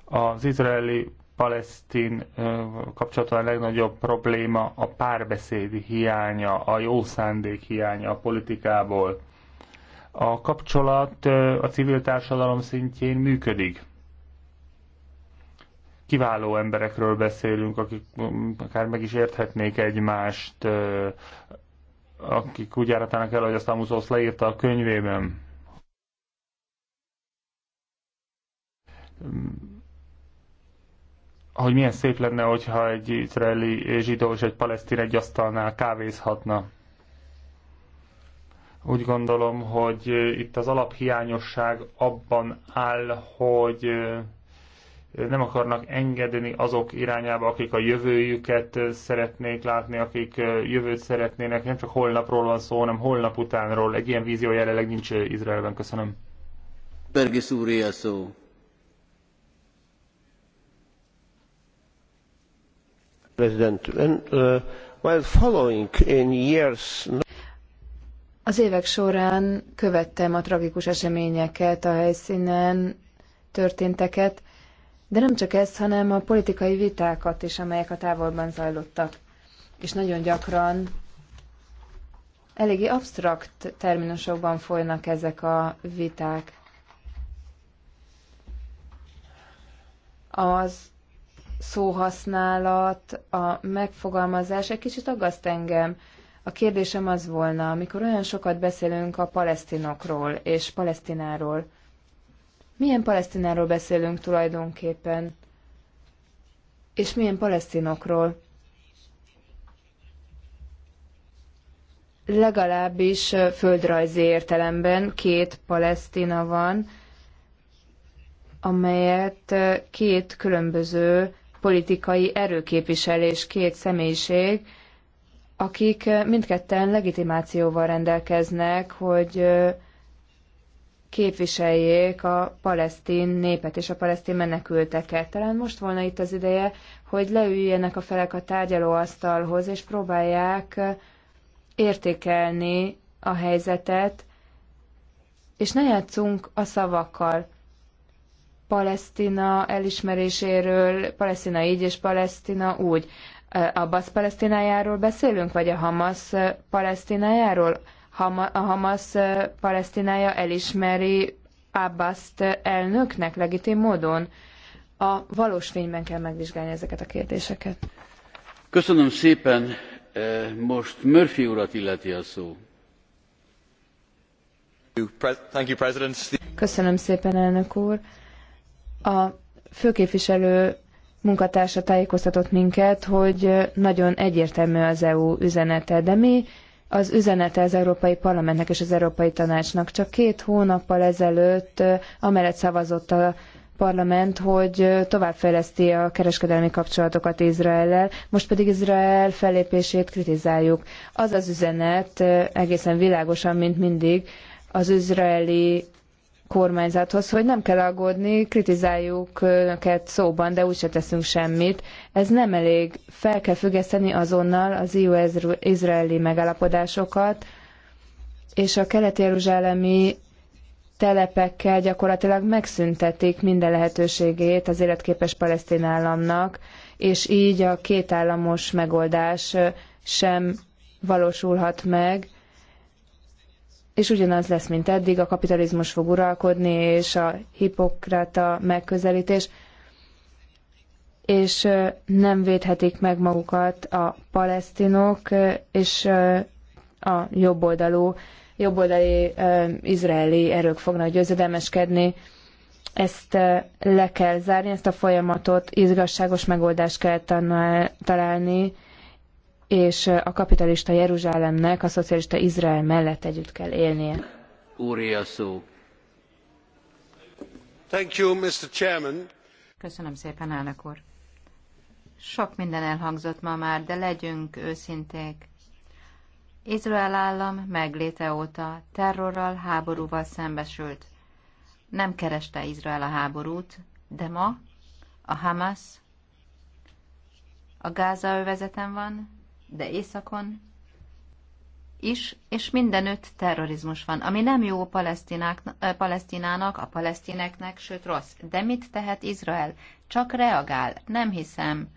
Az izraeli palesztin kapcsolatban a legnagyobb probléma a párbeszéd hiánya, a jó szándék hiánya a politikából. A kapcsolat a civil társadalom szintjén működik kiváló emberekről beszélünk, akik akár meg is érthetnék egymást, akik úgy járhatnának el, hogy azt Amuzosz leírta a könyvében. Hm. Hogy milyen szép lenne, hogyha egy izraeli zsidó és egy palesztin egy asztalnál kávézhatna. Úgy gondolom, hogy itt az alaphiányosság abban áll, hogy nem akarnak engedni azok irányába, akik a jövőjüket szeretnék látni, akik jövőt szeretnének. Nem csak holnapról van szó, hanem holnap utánról. Egy ilyen vízió jelenleg nincs Izraelben. Köszönöm. Bergis úrja szó. President, and, uh, while following in years... Az évek során követtem a tragikus eseményeket a helyszínen, történteket, de nem csak ez, hanem a politikai vitákat is, amelyek a távolban zajlottak. És nagyon gyakran eléggé absztrakt terminusokban folynak ezek a viták. Az szóhasználat, a megfogalmazás egy kicsit aggaszt engem. A kérdésem az volna, amikor olyan sokat beszélünk a palesztinokról és palesztináról, milyen Palesztináról beszélünk tulajdonképpen? És milyen palesztinokról? Legalábbis földrajzi értelemben két Palesztina van, amelyet két különböző politikai erőképviselés, és két személyiség, akik mindketten legitimációval rendelkeznek, hogy képviseljék a palesztin népet és a palesztin menekülteket. Talán most volna itt az ideje, hogy leüljenek a felek a tárgyalóasztalhoz, és próbálják értékelni a helyzetet, és ne játszunk a szavakkal. Palesztina elismeréséről, Palesztina így és Palesztina úgy. Abbas Palesztinájáról beszélünk, vagy a Hamas Palesztinájáról? a Hamas Palesztinája elismeri Abbaszt elnöknek legitim módon? A valós fényben kell megvizsgálni ezeket a kérdéseket. Köszönöm szépen. Most Murphy urat illeti a szó. Köszönöm szépen, elnök úr. A főképviselő munkatársa tájékoztatott minket, hogy nagyon egyértelmű az EU üzenete, de mi az üzenete az Európai Parlamentnek és az Európai Tanácsnak. Csak két hónappal ezelőtt amellett szavazott a parlament, hogy továbbfejleszti a kereskedelmi kapcsolatokat Izraellel, most pedig Izrael fellépését kritizáljuk. Az az üzenet egészen világosan, mint mindig, az izraeli kormányzathoz, hogy nem kell aggódni, kritizáljuk őket szóban, de úgyse teszünk semmit. Ez nem elég. Fel kell függeszteni azonnal az EU-izraeli megállapodásokat, és a kelet-jeruzsálemi telepekkel gyakorlatilag megszüntetik minden lehetőségét az életképes palesztin államnak, és így a kétállamos megoldás sem valósulhat meg és ugyanaz lesz, mint eddig, a kapitalizmus fog uralkodni, és a hipokrata megközelítés, és nem védhetik meg magukat a palesztinok, és a jobboldalú, jobboldali izraeli erők fognak győzedelmeskedni. Ezt le kell zárni, ezt a folyamatot, izgasságos megoldást kell találni, és a kapitalista Jeruzsálemnek a szocialista Izrael mellett együtt kell élnie. Úri a szó. Thank you, Mr. Chairman. Köszönöm szépen, elnök úr. Sok minden elhangzott ma már, de legyünk őszinték. Izrael állam megléte óta terrorral, háborúval szembesült. Nem kereste Izrael a háborút, de ma a Hamas a Gáza övezeten van, de északon is, és mindenütt terrorizmus van, ami nem jó Palesztinának, a palesztineknek, sőt rossz. De mit tehet Izrael? Csak reagál. Nem hiszem,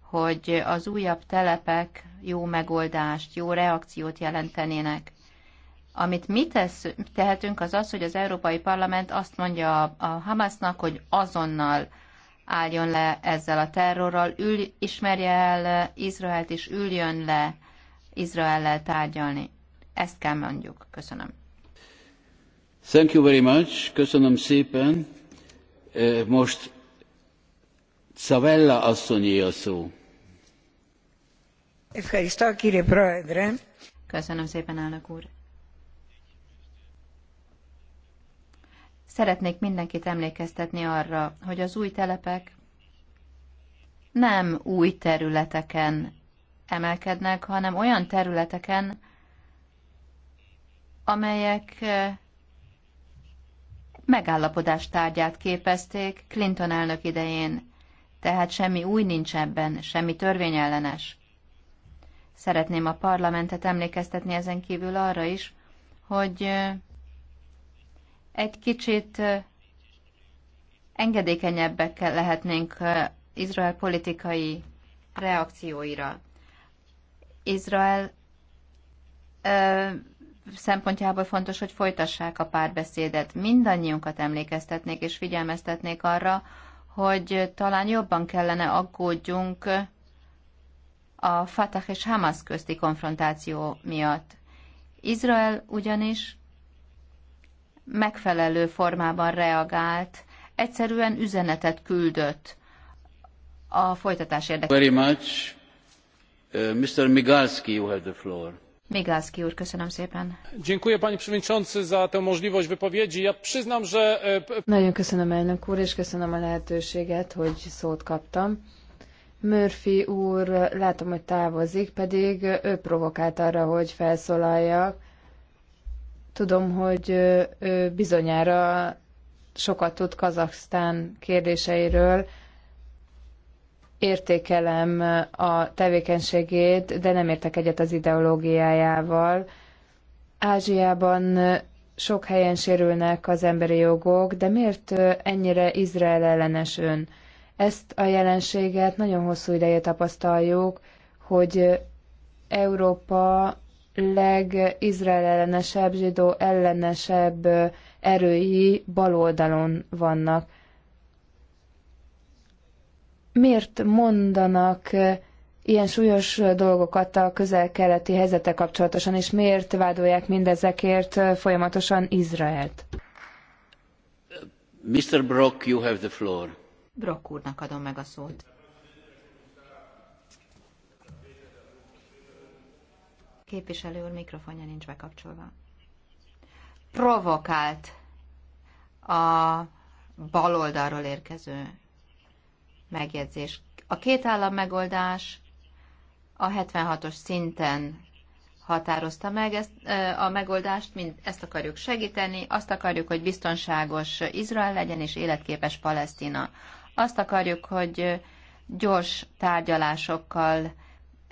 hogy az újabb telepek jó megoldást, jó reakciót jelentenének. Amit mi tesz, tehetünk, az az, hogy az Európai Parlament azt mondja a, a Hamasnak, hogy azonnal álljon le ezzel a terrorral, ül, ismerje el Izraelt, és üljön le Izraellel tárgyalni. Ezt kell mondjuk. Köszönöm. Thank you very much. Köszönöm szépen. Eh, most Szavella asszonyé a szó. Köszönöm szépen, elnök úr. Szeretnék mindenkit emlékeztetni arra, hogy az új telepek nem új területeken emelkednek, hanem olyan területeken, amelyek eh, megállapodást tárgyát képezték Clinton elnök idején, tehát semmi új nincs ebben, semmi törvényellenes. Szeretném a parlamentet emlékeztetni ezen kívül arra is, hogy eh, egy kicsit engedékenyebbek lehetnénk Izrael politikai reakcióira. Izrael ö, szempontjából fontos, hogy folytassák a párbeszédet. Mindannyiunkat emlékeztetnék és figyelmeztetnék arra, hogy talán jobban kellene aggódjunk a Fatah és Hamas közti konfrontáció miatt. Izrael ugyanis megfelelő formában reagált, egyszerűen üzenetet küldött a folytatás érdekében. Very much. Uh, Mr. Migalski, you have the floor. Migalski úr, köszönöm szépen. Dziękuję panie przewodniczący za tę możliwość wypowiedzi. Ja przyznam, że... E, Nagyon köszönöm elnök úr, és köszönöm a lehetőséget, hogy szót kaptam. Murphy úr, látom, hogy távozik, pedig ő provokált arra, hogy felszólaljak Tudom, hogy ő bizonyára sokat tud Kazaksztán kérdéseiről, értékelem a tevékenységét, de nem értek egyet az ideológiájával. Ázsiában sok helyen sérülnek az emberi jogok, de miért ennyire Izrael ellenes ön? Ezt a jelenséget nagyon hosszú ideje tapasztaljuk, hogy Európa legizrael ellenesebb, zsidó ellenesebb erői baloldalon vannak. Miért mondanak ilyen súlyos dolgokat a közel-keleti helyzete kapcsolatosan, és miért vádolják mindezekért folyamatosan Izraelt? Mr. Brock, you have the floor. Brock úrnak adom meg a szót. Képviselő úr mikrofonja nincs bekapcsolva. Provokált a baloldalról érkező megjegyzés. A két állam megoldás a 76-os szinten határozta meg ezt, a megoldást, mind ezt akarjuk segíteni, azt akarjuk, hogy biztonságos Izrael legyen és életképes Palesztina. Azt akarjuk, hogy gyors tárgyalásokkal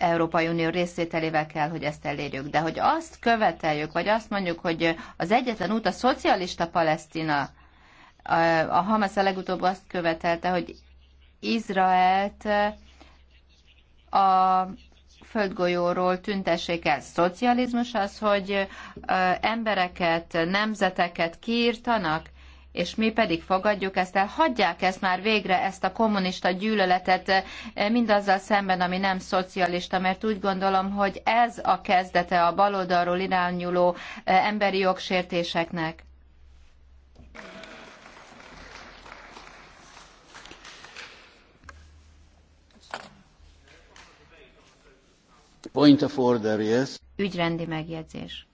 Európai Unió részvételével kell, hogy ezt elérjük. De hogy azt követeljük, vagy azt mondjuk, hogy az egyetlen út a szocialista Palesztina, a Hamas a legutóbb azt követelte, hogy Izraelt a földgolyóról tüntessék el. Szocializmus az, hogy embereket, nemzeteket kiírtanak, és mi pedig fogadjuk ezt el, hagyják ezt már végre, ezt a kommunista gyűlöletet eh, mindazzal szemben, ami nem szocialista, mert úgy gondolom, hogy ez a kezdete a baloldalról irányuló eh, emberi jogsértéseknek. Point of order, yes. Ügyrendi megjegyzés.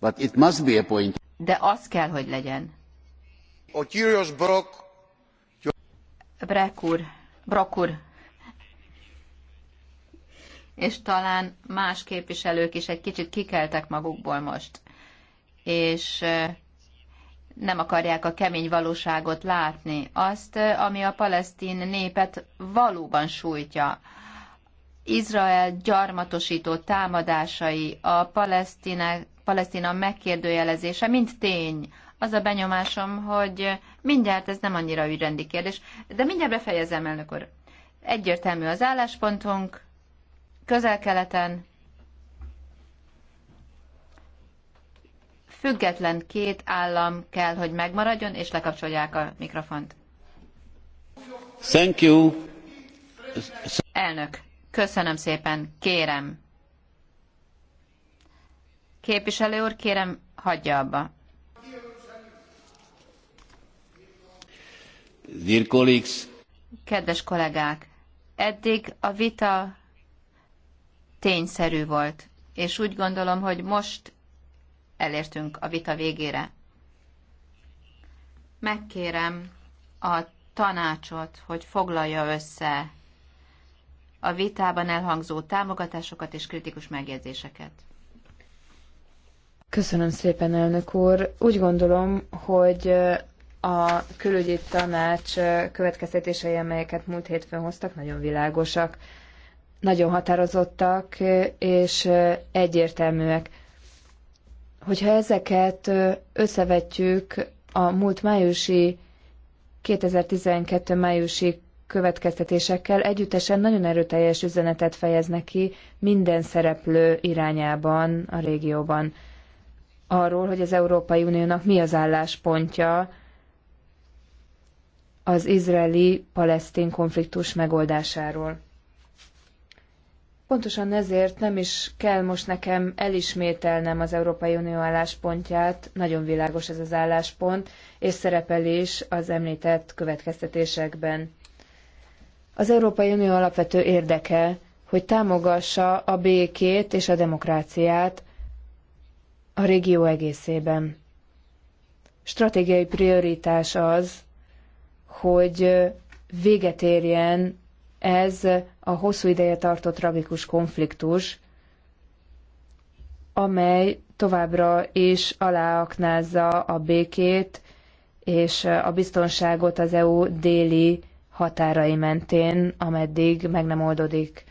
But it must be a point. De az kell, hogy legyen. O oh, Brek úr, úr. És talán más képviselők is egy kicsit kikeltek magukból most. És nem akarják a kemény valóságot látni, azt, ami a palesztin népet valóban sújtja. Izrael gyarmatosító támadásai, a palesztina megkérdőjelezése mind tény, az a benyomásom, hogy mindjárt ez nem annyira ügyrendi kérdés, de mindjárt befejezem, elnök úr. Egyértelmű az álláspontunk, közel-keleten független két állam kell, hogy megmaradjon, és lekapcsolják a mikrofont. Thank you. Elnök, köszönöm szépen, kérem. Képviselő úr, kérem, hagyja abba. Dear colleagues. Kedves kollégák, eddig a vita tényszerű volt, és úgy gondolom, hogy most elértünk a vita végére. Megkérem a tanácsot, hogy foglalja össze a vitában elhangzó támogatásokat és kritikus megjegyzéseket. Köszönöm szépen, elnök úr. Úgy gondolom, hogy a külügyi tanács következtetései, amelyeket múlt hétfőn hoztak, nagyon világosak, nagyon határozottak és egyértelműek. Hogyha ezeket összevetjük a múlt májusi, 2012 májusi következtetésekkel együttesen nagyon erőteljes üzenetet fejeznek ki minden szereplő irányában a régióban arról, hogy az Európai Uniónak mi az álláspontja az izraeli-palesztin konfliktus megoldásáról. Pontosan ezért nem is kell most nekem elismételnem az Európai Unió álláspontját, nagyon világos ez az álláspont, és szerepel is az említett következtetésekben. Az Európai Unió alapvető érdeke, hogy támogassa a békét és a demokráciát a régió egészében. Stratégiai prioritás az, hogy véget érjen ez a hosszú ideje tartott tragikus konfliktus, amely továbbra is aláaknázza a békét és a biztonságot az EU déli határai mentén, ameddig meg nem oldódik.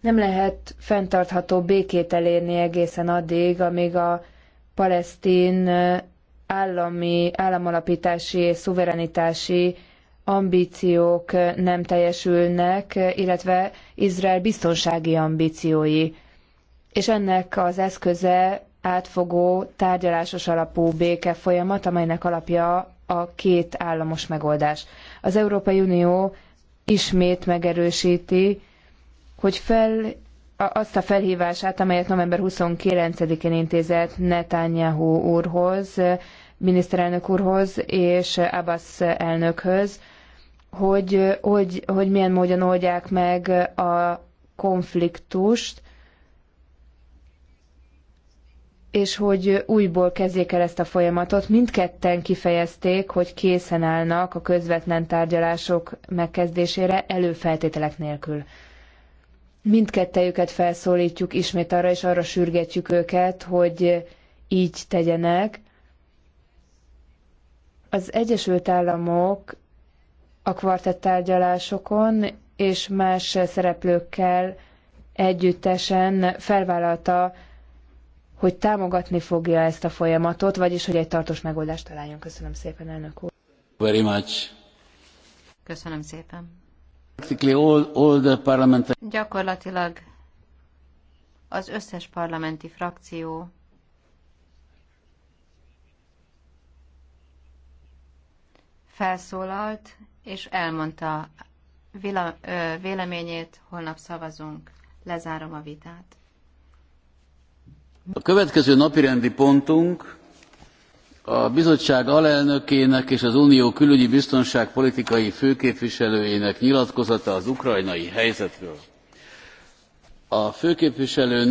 Nem lehet fenntartható békét elérni egészen addig, amíg a palesztin állami, államalapítási és szuverenitási ambíciók nem teljesülnek, illetve Izrael biztonsági ambíciói. És ennek az eszköze átfogó tárgyalásos alapú béke folyamat, amelynek alapja a két államos megoldás. Az Európai Unió ismét megerősíti, hogy fel, azt a felhívását, amelyet november 29-én intézett Netanyahu úrhoz, miniszterelnök úrhoz és Abbas elnökhöz, hogy, hogy, hogy milyen módon oldják meg a konfliktust, és hogy újból kezdjék el ezt a folyamatot. Mindketten kifejezték, hogy készen állnak a közvetlen tárgyalások megkezdésére előfeltételek nélkül. Mindkettejüket felszólítjuk ismét arra, és arra sürgetjük őket, hogy így tegyenek, az Egyesült Államok a kvartett tárgyalásokon és más szereplőkkel együttesen felvállalta, hogy támogatni fogja ezt a folyamatot, vagyis hogy egy tartós megoldást találjon. Köszönöm szépen, elnök úr. Very much. Köszönöm szépen. All, all the parliamentary... Gyakorlatilag az összes parlamenti frakció felszólalt, és elmondta vila, ö, véleményét, holnap szavazunk. Lezárom a vitát. A következő napirendi pontunk a bizottság alelnökének és az Unió külügyi biztonságpolitikai főképviselőjének nyilatkozata az ukrajnai helyzetről. A főképviselő